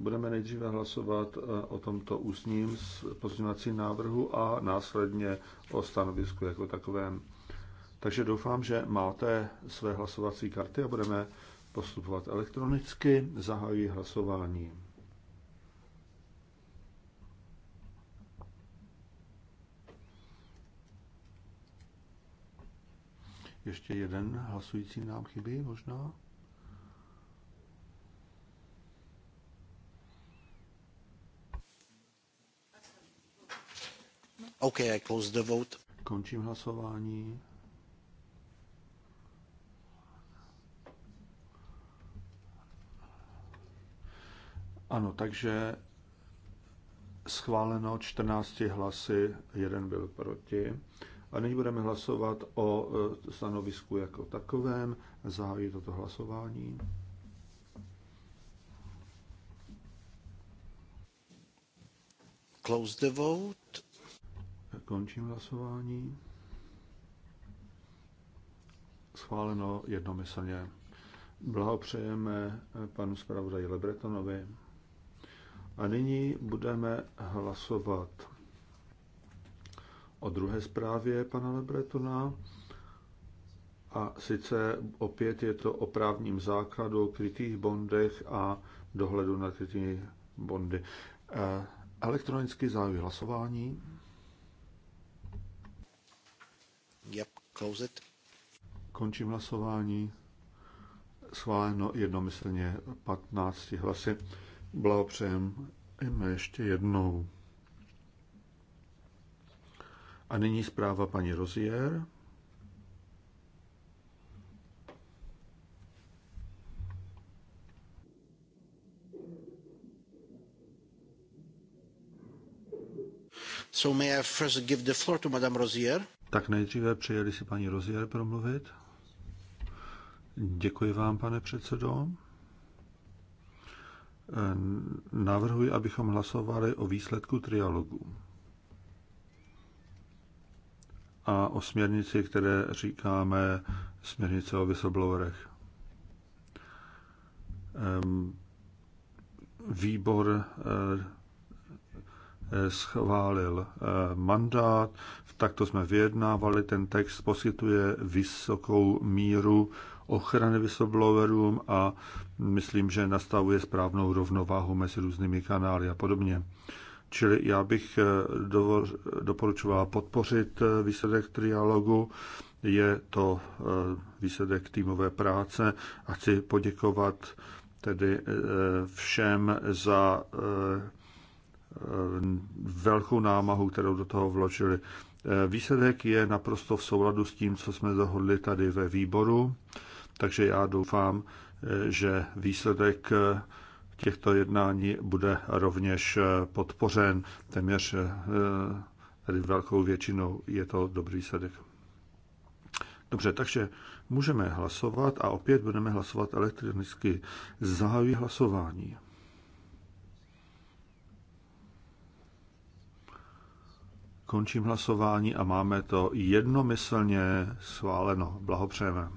Budeme nejdříve hlasovat eh, o tomto ústním pozměňovacím návrhu a následně o stanovisku jako takovém. Takže doufám, že máte své hlasovací karty a budeme postupovat elektronicky. Zahajuji hlasování. Ještě jeden hlasující nám chybí možná. I close the vote. Končím hlasování. Ano, takže schváleno 14 hlasy, jeden byl proti. A nyní budeme hlasovat o e, stanovisku jako takovém. Zahájí toto hlasování. Close the vote. Končím hlasování. Schváleno jednomyslně. Blahopřejeme panu zpravodaji Lebretonovi. A nyní budeme hlasovat o druhé zprávě pana Lebretona. A sice opět je to o právním základu, krytých bondech a dohledu na krytými bondy. Eh, Elektronický závěr hlasování. Close it. Končím hlasování. Schváleno jednomyslně 15 hlasy. Blahopřejem jme ještě jednou. A nyní zpráva paní Rozier. So may I first give the floor to Madame Rozier? Tak nejdříve přijeli si paní Rozier promluvit. Děkuji vám, pane předsedo. Ehm, navrhuji, abychom hlasovali o výsledku trialogu a o směrnici, které říkáme směrnice o whistleblowerech. Ehm, výbor eh, schválil eh, mandát, takto jsme vyjednávali, ten text poskytuje vysokou míru ochrany whistleblowerům a myslím, že nastavuje správnou rovnováhu mezi různými kanály a podobně. Čili já bych eh, doporučoval podpořit eh, výsledek trialogu. Je to výsledek týmové práce a chci poděkovat tedy všem za Eh, velkou námahu, kterou do toho vložili. Eh, výsledek je naprosto v souladu s tím, co jsme dohodli tady ve výboru, takže já doufám, eh, že výsledek těchto jednání bude rovněž podpořen téměř tady velkou většinou. Je to dobrý výsledek. Dobře, takže můžeme hlasovat a opět budeme hlasovat elektronicky. Zahajuji hlasování. Končím hlasování a máme to jednomyslně schváleno. Blahopřejeme.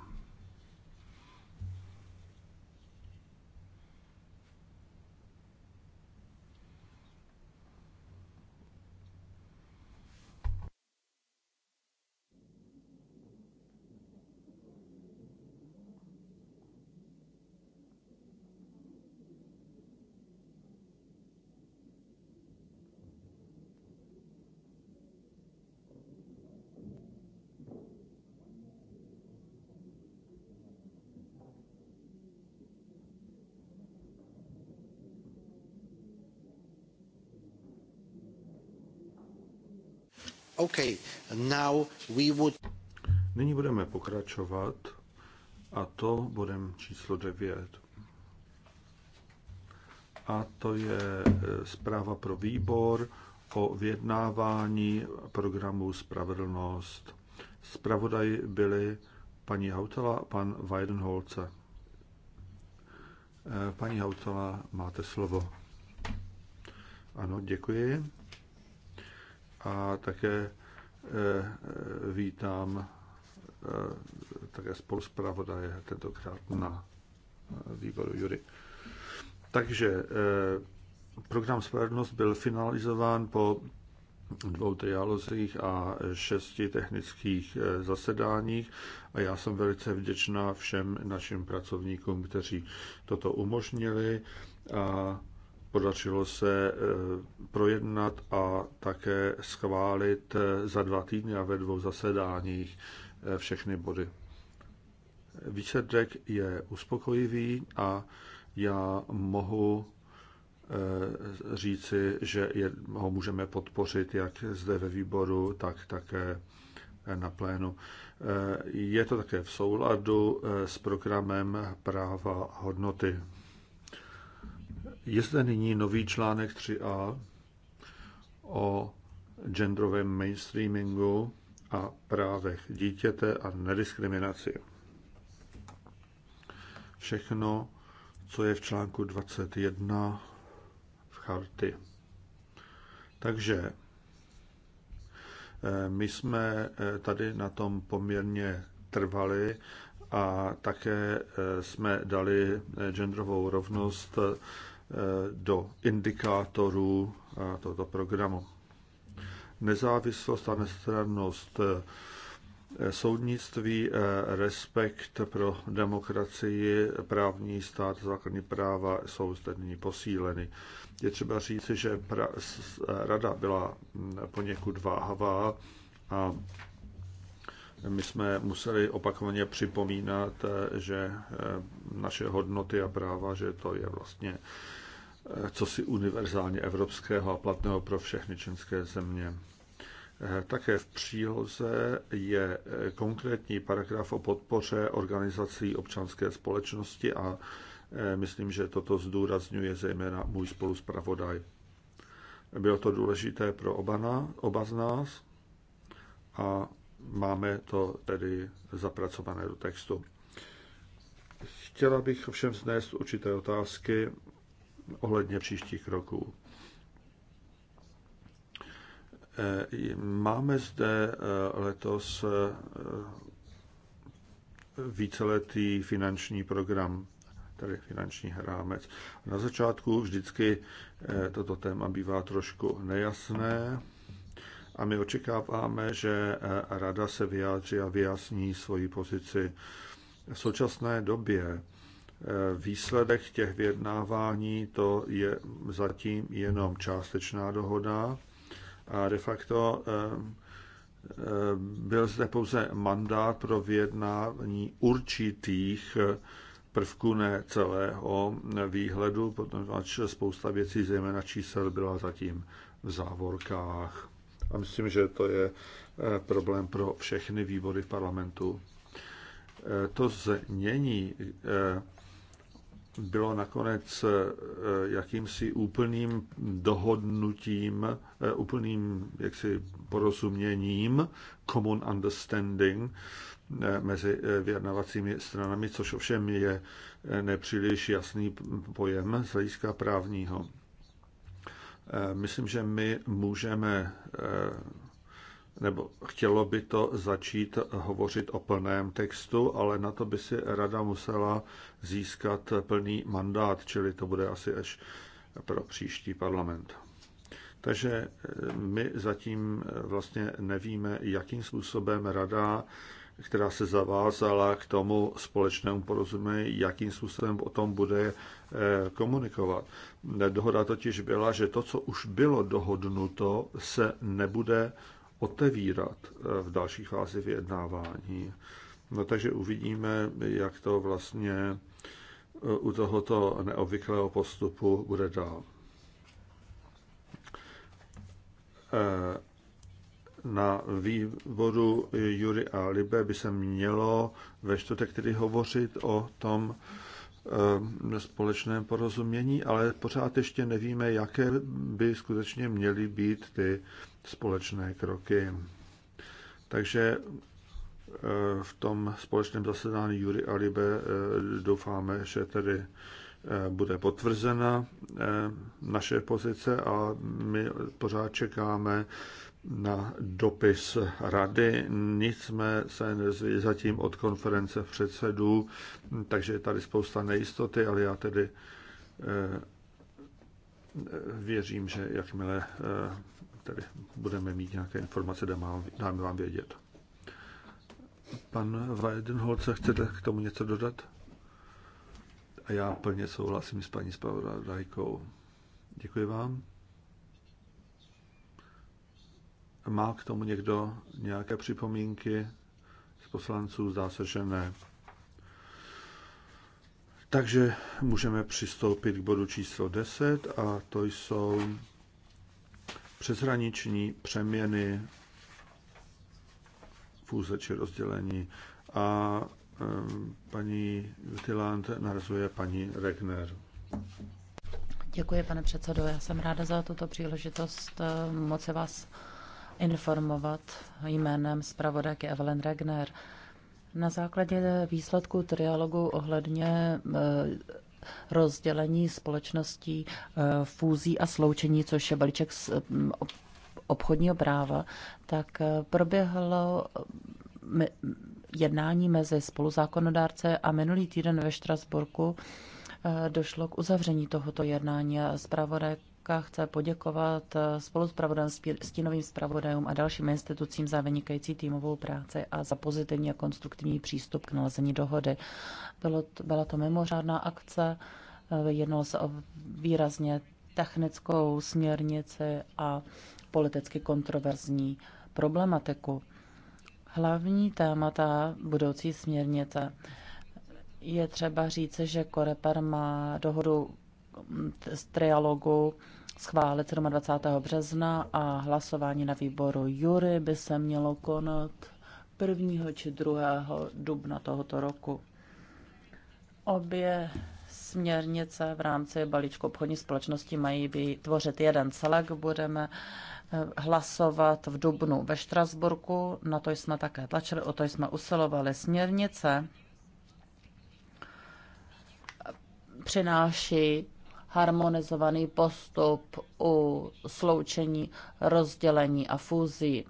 Okay, now we would... Nyní budeme pokračovat a to bodem číslo 9. A to je e, zpráva pro výbor o vyjednávání programu Spravedlnost. Spravodaj byli paní Hautala a pan Weidenholce. Paní Hautala, máte slovo. Ano, děkuji. A také Eh, vítám eh, také spolu zpravodaje tentokrát na eh, výboru Jury. Takže program Spravedlnost byl finalizován po dvou trialozích a šesti technických zasedáních a já jsem velice vděčná všem našim pracovníkům, kteří toto umožnili a podařilo se eh, projednat a také schválit eh, za dva týdny a ve dvou zasedáních eh, všechny body. Výsledek je uspokojivý a já mohu říci, že je, ho můžeme podpořit jak zde ve výboru, tak také na plénu. Je to také v souladu s programem práva hodnoty. Je zde nyní nový článek 3a o genderovém mainstreamingu a právech dítěte a nediskriminaci. Všechno, co je v článku 21 v charty. Takže eh, my jsme eh, tady na tom poměrně trvali a také eh, jsme dali genderovou rovnost Eh, do indikátorů eh, tohoto programu. Nezávislost a nestrannost eh, soudnictví, respekt pro demokracii, právní stát, základní práva jsou zde nyní posíleny. Je třeba říci, že rada byla hm, poněkud váhavá a my jsme museli opakovaně připomínat, eh, že eh, naše hodnoty a práva, že to je vlastně eh, co si univerzálně evropského a platného pro všechny členské země. Také v příloze je konkrétní paragraf o podpoře organizací občanské společnosti a myslím, že toto zdůrazňuje zejména můj spoluzpravodaj. Bylo to důležité pro oba, na, oba z nás a máme to tedy zapracované do textu. Chtěla bych všem znést určité otázky ohledně příštích kroků. E, máme zde e, letos e, víceletý finanční program, tedy finanční rámec. Na začátku vždycky toto téma bývá trošku nejasné, a my očekáváme, že eh, Rada se vyjádří a vyjasní svoji pozici. V současné době eh, výsledek těch vyjednávání to je zatím jenom částečná dohoda a de facto eh, byl zde pouze mandát pro vyjednávání určitých prvků, ne celého výhledu, protože spousta věcí, zejména čísel, byla zatím v závorkách. A myslím, že to je eh, problém pro všechny výbory v parlamentu. Eh, to znění eh, bylo nakonec jakýmsi úplným dohodnutím, úplným jaksi porozuměním, common understanding mezi vyjednavacími stranami, což ovšem je nepříliš jasný pojem z hlediska právního. Eh, myslím, že my můžeme, eh, nebo chtělo by to začít hovořit o plném textu, ale na to by si rada musela získat plný mandát, čili to bude asi až pro příští parlament. Takže eh, my zatím vlastně nevíme, jakým způsobem rada, která se zavázala k tomu společnému porozumění, jakým způsobem o tom bude Eh, komunikovat. Dohoda totiž byla, že to, co už bylo dohodnuto, se nebude otevírat eh, v další fázi vyjednávání. No takže uvidíme, jak to vlastně eh, u tohoto neobvyklého postupu bude dál. Na výboru Jury a Libe by se mělo ve čtvrtek tedy hovořit o tom, Eh, společném porozumění, ale pořád ještě nevíme, jaké by skutečně měly být ty společné kroky. Takže eh, v tom společném zasedání Jury a Libe eh, doufáme, že tedy bude potvrzena naše pozice a my pořád čekáme na dopis rady. Nic jsme se nezvěděli zatím od konference předsedů, takže je tady spousta nejistoty, ale já tedy eh, eh, věřím, že jakmile eh, tedy budeme mít nějaké informace, dáme vám vědět. Pan Weidenholzer, chcete k tomu něco dodat? A já plně souhlasím s paní zpravodajkou. Děkuji vám. Má k tomu někdo nějaké připomínky z poslanců? Zdá se, že ne. Takže můžeme přistoupit k bodu číslo 10 a to jsou přeshraniční přeměny fůze či rozdělení. A paní Tiland narazuje paní Regner. Děkuji, pane předsedo. Já jsem ráda za tuto příležitost moc se vás informovat jménem zpravodajky Evelyn Regner. Na základě výsledků trialogu ohledně eh, rozdělení společností eh, fúzí a sloučení, což je balíček z mm, obchodního práva, tak eh, proběhlo jednání mezi spoluzákonodárce a minulý týden ve Štrasburku došlo k uzavření tohoto jednání a zpravodajka chce poděkovat eh, spolu s stínovým zpravodajům a dalším institucím za vynikající týmovou práci a za pozitivní a konstruktivní přístup k nalezení dohody. Bylo to, byla to mimořádná akce, eh, jednalo se o výrazně technickou směrnici a politicky kontroverzní problematiku. Hlavní témata budoucí směrnice je třeba říci, že Koreper má dohodu z trialogu schválit 27. března a hlasování na výboru Jury by se mělo konat 1. či 2. dubna tohoto roku. Obě směrnice v rámci balíčku obchodní společnosti mají být tvořit jeden celek. Budeme eh, hlasovat v Dubnu ve Štrasburku. Na to jsme také tlačili, o to jsme usilovali. Směrnice přináší harmonizovaný postup u sloučení, rozdělení a fúzí.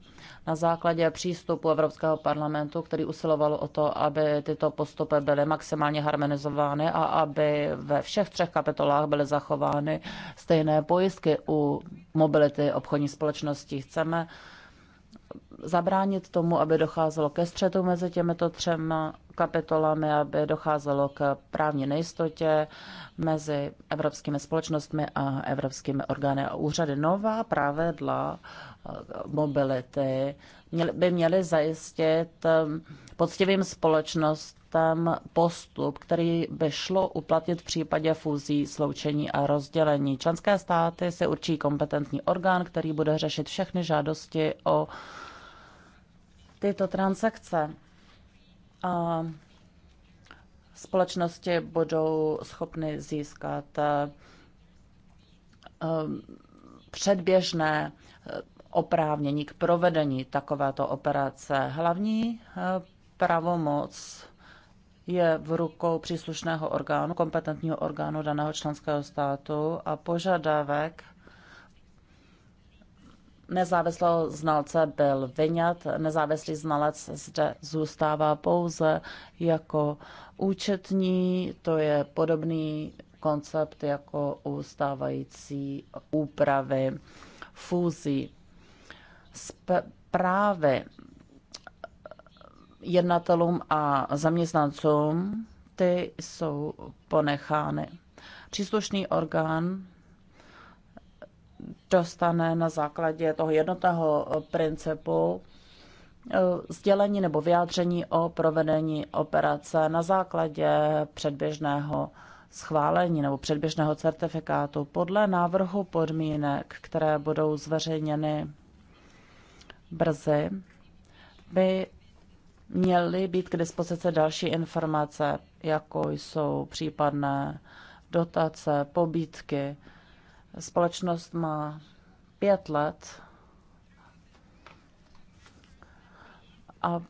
Na základě přístupu Evropského parlamentu, který usiloval o to, aby tyto postupy byly maximálně harmonizovány a aby ve všech třech kapitolách byly zachovány stejné pojistky u mobility obchodní společnosti, chceme zabránit tomu, aby docházelo ke střetu mezi těmito třema kapitolami, aby docházelo k právní nejistotě mezi evropskými společnostmi a evropskými orgány a úřady. Nová pravidla eh, mobility by měly zajistit eh, poctivým společnost systém postup, který by šlo uplatnit v případě fúzí, sloučení a rozdělení. Členské státy si určí kompetentní orgán, který bude řešit všechny žádosti o tyto transakce. A společnosti budou schopny získat eh, předběžné eh, oprávnění k provedení takovéto operace. Hlavní eh, pravomoc je v rukou příslušného orgánu, kompetentního orgánu daného členského státu a požadavek nezávislého znalce byl vyňat. Nezávislý znalec zde zůstává pouze jako účetní, to je podobný koncept jako ustávající úpravy fúzí. Sp- jednatelům a zaměstnancům, ty jsou ponechány. Příslušný orgán dostane na základě toho jednotného principu eh, sdělení nebo vyjádření o provedení operace na základě předběžného schválení nebo předběžného certifikátu podle návrhu podmínek, které budou zveřejněny brzy, by měly být k dispozici další informace, jako jsou případné dotace, pobítky. Společnost má pět let, a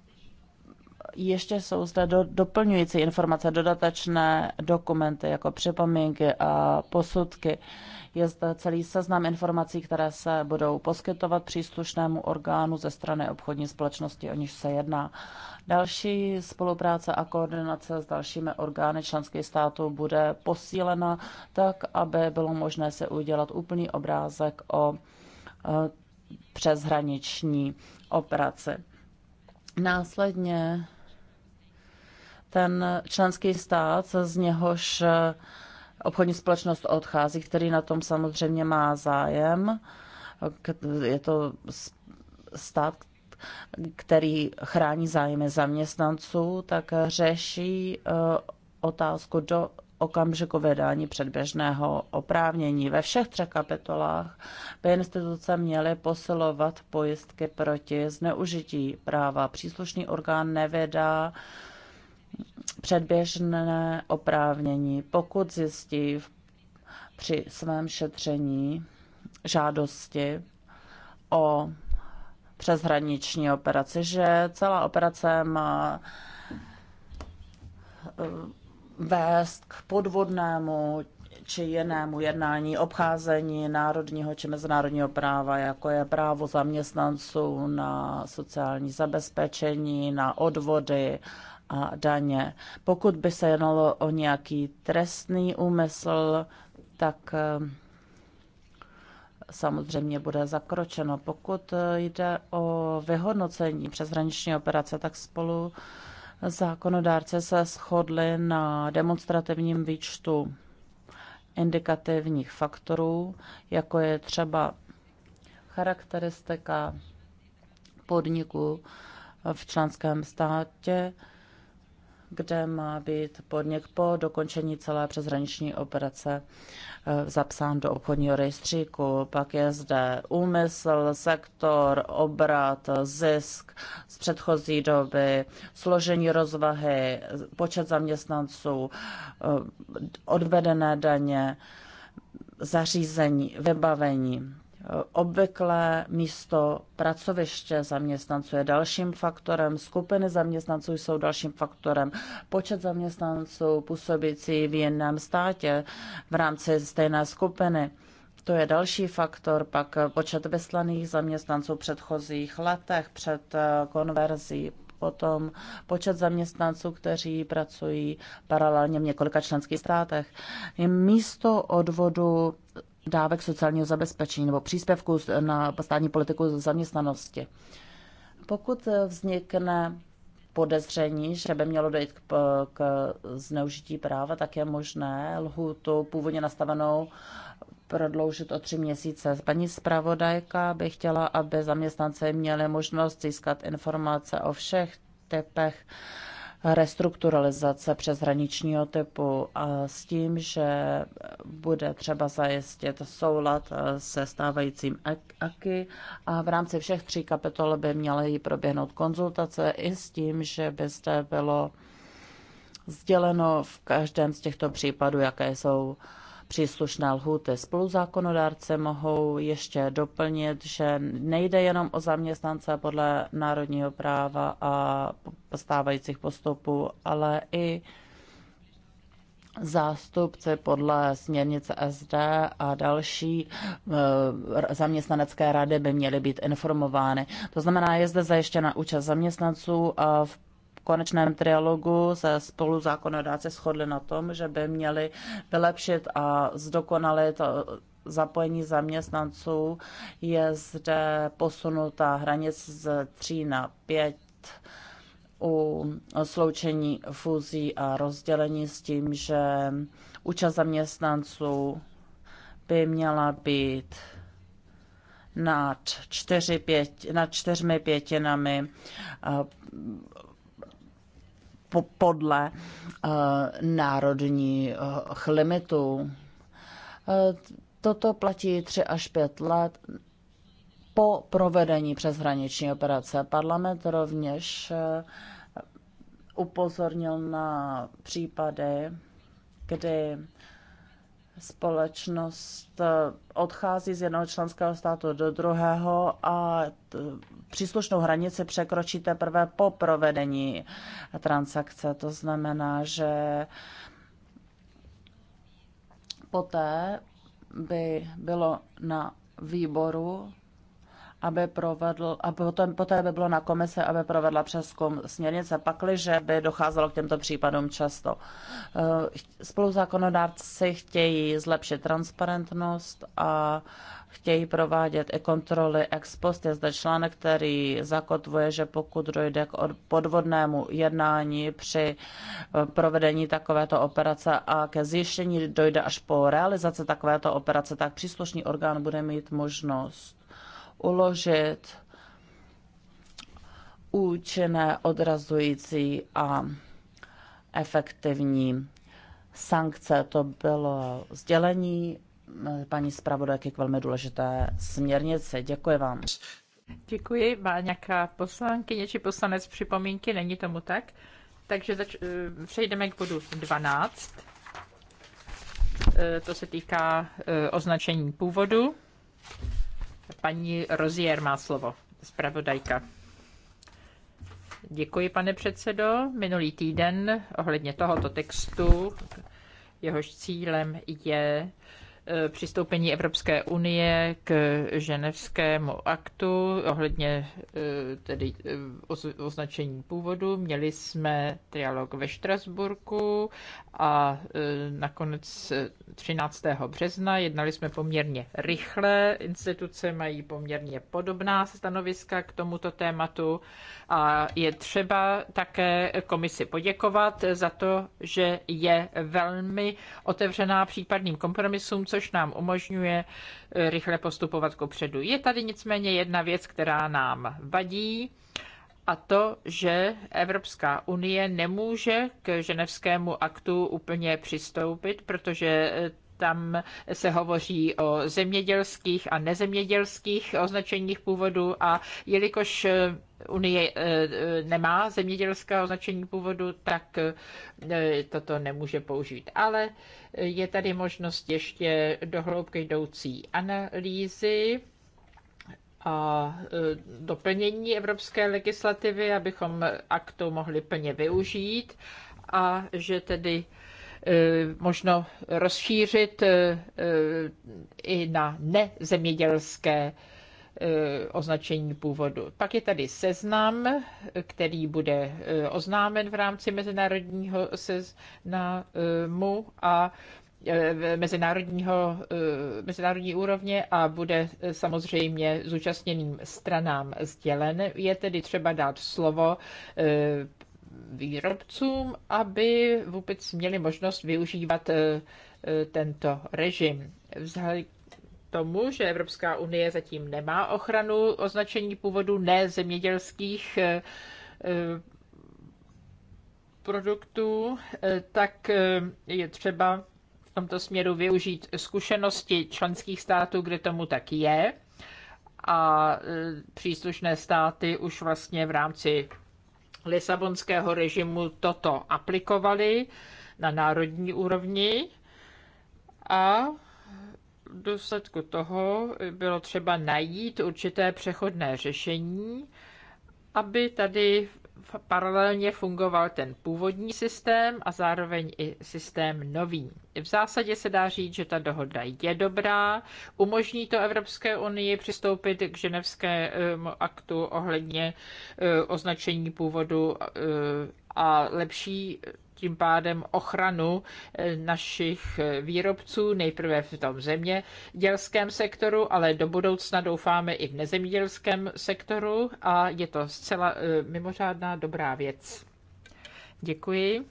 ještě jsou zde do, doplňující informace, dodatečné dokumenty jako připomínky a posudky. Je zde celý seznam informací, které se budou poskytovat příslušnému orgánu ze strany obchodní společnosti, o níž se jedná. Další spolupráce a koordinace s dalšími orgány členských států bude posílena tak, aby bylo možné se udělat úplný obrázek o e, přeshraniční operaci. Následně ten členský stát, z něhož eh, obchodní společnost odchází, který na tom samozřejmě má zájem. Je to stát, který chrání zájmy zaměstnanců, tak řeší eh, otázku do okamžiku vydání předběžného oprávnění. Ve všech třech kapitolách by instituce měly posilovat pojistky proti zneužití práva. Příslušný orgán nevydá předběžné oprávnění, pokud zjistí při svém šetření žádosti o přeshraniční operaci, že celá operace má eh, vést k podvodnému či jinému jednání, obcházení národního či mezinárodního práva, jako je právo zaměstnanců na sociální zabezpečení, na odvody a daně. Pokud by se jednalo o nějaký trestný úmysl, tak eh, samozřejmě bude zakročeno. Pokud eh, jde o vyhodnocení přeshraniční operace, tak spolu zákonodárce se shodli na demonstrativním výčtu indikativních faktorů, jako je třeba charakteristika podniku v členském státě, kde má být podnik po dokončení celé přeshraniční operace eh, zapsán do obchodního rejstříku. Pak je zde úmysl, sektor, obrat, zisk z předchozí doby, složení rozvahy, počet zaměstnanců, eh, odvedené daně, zařízení, vybavení. Obvykle místo pracoviště zaměstnanců je dalším faktorem, skupiny zaměstnanců jsou dalším faktorem, počet zaměstnanců působící v jiném státě v rámci stejné skupiny. To je další faktor, pak počet vyslaných zaměstnanců v předchozích letech před eh, konverzí, potom počet zaměstnanců, kteří pracují paralelně v několika členských státech. Místo odvodu dávek sociálního zabezpečení nebo příspěvku na státní politiku zaměstnanosti. Pokud vznikne podezření, že by mělo dojít k, k zneužití práva, tak je možné lhutu původně nastavenou prodloužit o tři měsíce. Paní zpravodajka by chtěla, aby zaměstnanci měli možnost získat informace o všech typech restrukturalizace přeshraničního typu a s tím, že bude třeba zajistit soulad eh, se stávajícím AKY a v rámci všech tří kapitol by měly proběhnout konzultace i s tím, že by zde bylo sděleno v každém z těchto případů, jaké jsou uh, příslušné lhuty. Spoluzákonodárce mohou ještě doplnit, že nejde jenom o zaměstnance podle národního práva a stávajících postupů, ale i zástupci podle směrnice SD a další eh, zaměstnanecké rady by měly být informovány. To znamená, je zde zajištěna účast zaměstnanců a v konečném trialogu se spolu zákonodáci shodli na tom, že by měli vylepšit a zdokonalit eh, zapojení zaměstnanců. Je zde posunuta hranic z 3 na 5 u sloučení fúzí a rozdělení s tím, že účast zaměstnanců by měla být nad, čtyři pět, nad čtyřmi pětinami eh, podle eh, národních eh, limitů. Eh, toto platí 3 až 5 let po provedení přeshraniční operace. Parlament rovněž upozornil na případy, kdy společnost eh, odchází z jednoho členského státu do druhého a příslušnou hranici překročí teprve po provedení transakce. To znamená, že poté by bylo na výboru aby provedl, a potom, poté by bylo na komise, aby provedla přeskum směrnice, pakliže by docházelo k těmto případům často. Eh, spoluzákonodárci chtějí zlepšit transparentnost a chtějí provádět i kontroly ex post. Je zde článek, který zakotvuje, že pokud dojde k podvodnému jednání při eh, provedení takovéto operace a ke zjištění dojde až po realizaci takovéto operace, tak příslušný orgán bude mít možnost uložit účinné, odrazující a efektivní sankce. To bylo sdělení paní zpravodajky k velmi důležité směrnici. Děkuji vám. Děkuji. Má nějaká poslankyně či poslanec připomínky? Není tomu tak. Takže zač- eh, přejdeme k bodu 12. Eh, to se týká eh, označení původu. Paní Rozier má slovo, zpravodajka. Děkuji, pane předsedo. Minulý týden ohledně tohoto textu, jehož cílem je E, přistoupení Evropské unie k ženevskému aktu ohledně e, tedy e, označení původu. Měli jsme trialog ve Štrasburku a nakonec 13. března jednali jsme poměrně rychle. Instituce mají poměrně podobná stanoviska k tomuto tématu a je třeba také komisi poděkovat za to, že je velmi otevřená případným kompromisům, což nám umožňuje eh, rychle postupovat kupředu. Je tady nicméně jedna věc, která nám vadí, a to, že Evropská unie nemůže k ženevskému aktu úplně přistoupit, protože eh, tam se hovoří o zemědělských a nezemědělských označeních původu a jelikož eh, Unie eh, eh, nemá zemědělské označení původu, tak toto nemůže použít. Ale je tady možnost ještě dohloubky jdoucí analýzy a doplnění evropské legislativy, abychom aktu mohli plně využít a že tedy Eh, možno rozšířit eh, eh, i na nezemědělské označení původu. Pak je tady seznam, který bude oznámen v rámci mezinárodního seznamu a mezinárodního, mezinárodní úrovně a bude samozřejmě zúčastněným stranám sdělen. Je tedy třeba dát slovo výrobcům, aby vůbec měli možnost využívat eh, eh, tento režim. Vzhledem tomu, že Evropská unie zatím nemá ochranu označení původu nezemědělských eh, produktů, tak je třeba v tomto směru využít zkušenosti členských států, kde tomu tak je. A příslušné státy už vlastně v rámci Lisabonského režimu toto aplikovali na národní úrovni a v důsledku toho bylo třeba najít určité přechodné řešení, aby tady paralelně fungoval ten původní systém a zároveň i systém nový. V zásadě se dá říct, že ta dohoda je dobrá, umožní to Evropské unii přistoupit k ženevskému aktu ohledně eh, označení původu eh, a lepší tím pádem ochranu eh, našich eh, výrobců, nejprve v tom zemědělském dělském sektoru, ale do budoucna doufáme i v nezemědělském sektoru a je to zcela eh, mimořádná dobrá věc. Děkuji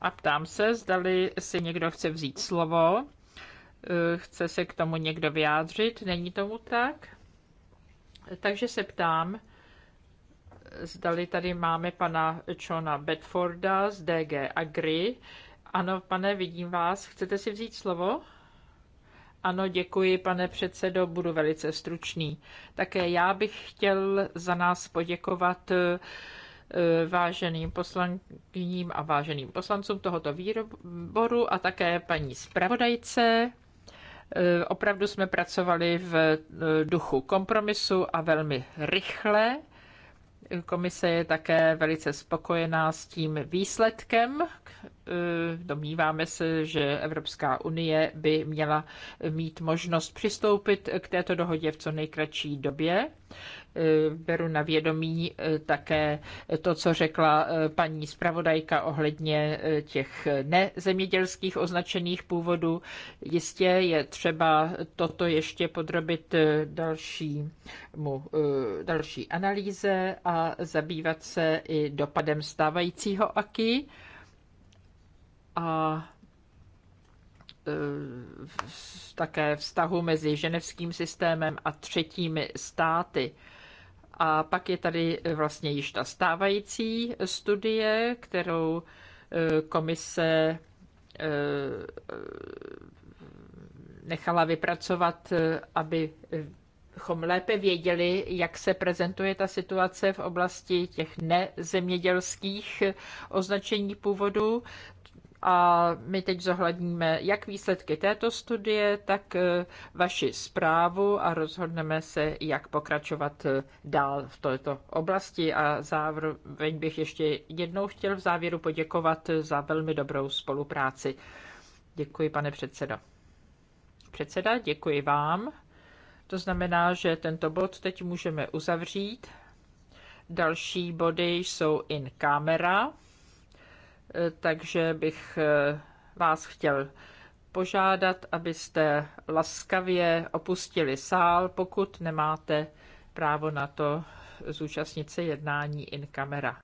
a ptám se, zdali si někdo chce vzít slovo. Chce se k tomu někdo vyjádřit? Není tomu tak? Takže se ptám, zdali tady máme pana Johna Bedforda z DG Agri. Ano, pane, vidím vás. Chcete si vzít slovo? Ano, děkuji, pane předsedo, budu velice stručný. Také já bych chtěl za nás poděkovat eh, váženým poslankyním a váženým poslancům tohoto výboru a také paní zpravodajce. Eh, opravdu jsme pracovali v eh, duchu kompromisu a velmi rychle. Komise je také velice spokojená s tím výsledkem, Eh, domníváme se, že Evropská unie by měla mít možnost přistoupit k této dohodě v co nejkratší době. Eh, beru na vědomí eh, také to, co řekla paní zpravodajka ohledně těch nezemědělských označených původů. Jistě je třeba toto ještě podrobit dalšímu, další analýze a zabývat se i dopadem stávajícího aky a e, také vztahu mezi ženevským systémem a třetími státy. A pak je tady e, vlastně již ta stávající studie, kterou e, komise nechala vypracovat, abychom lépe věděli, jak se prezentuje ta situace v oblasti těch nezemědělských označení původu a my teď zohledníme jak výsledky této studie, tak eh, vaši zprávu a rozhodneme se, jak pokračovat eh, dál v této oblasti. A zároveň bych ještě jednou chtěl v závěru poděkovat eh, za velmi dobrou spolupráci. Děkuji, pane předsedo. Předseda, děkuji vám. To znamená, že tento bod teď můžeme uzavřít. Další body jsou in camera. Eh, takže bych eh, vás chtěl požádat, abyste laskavě opustili sál, pokud nemáte právo na to zúčastnit se jednání in camera.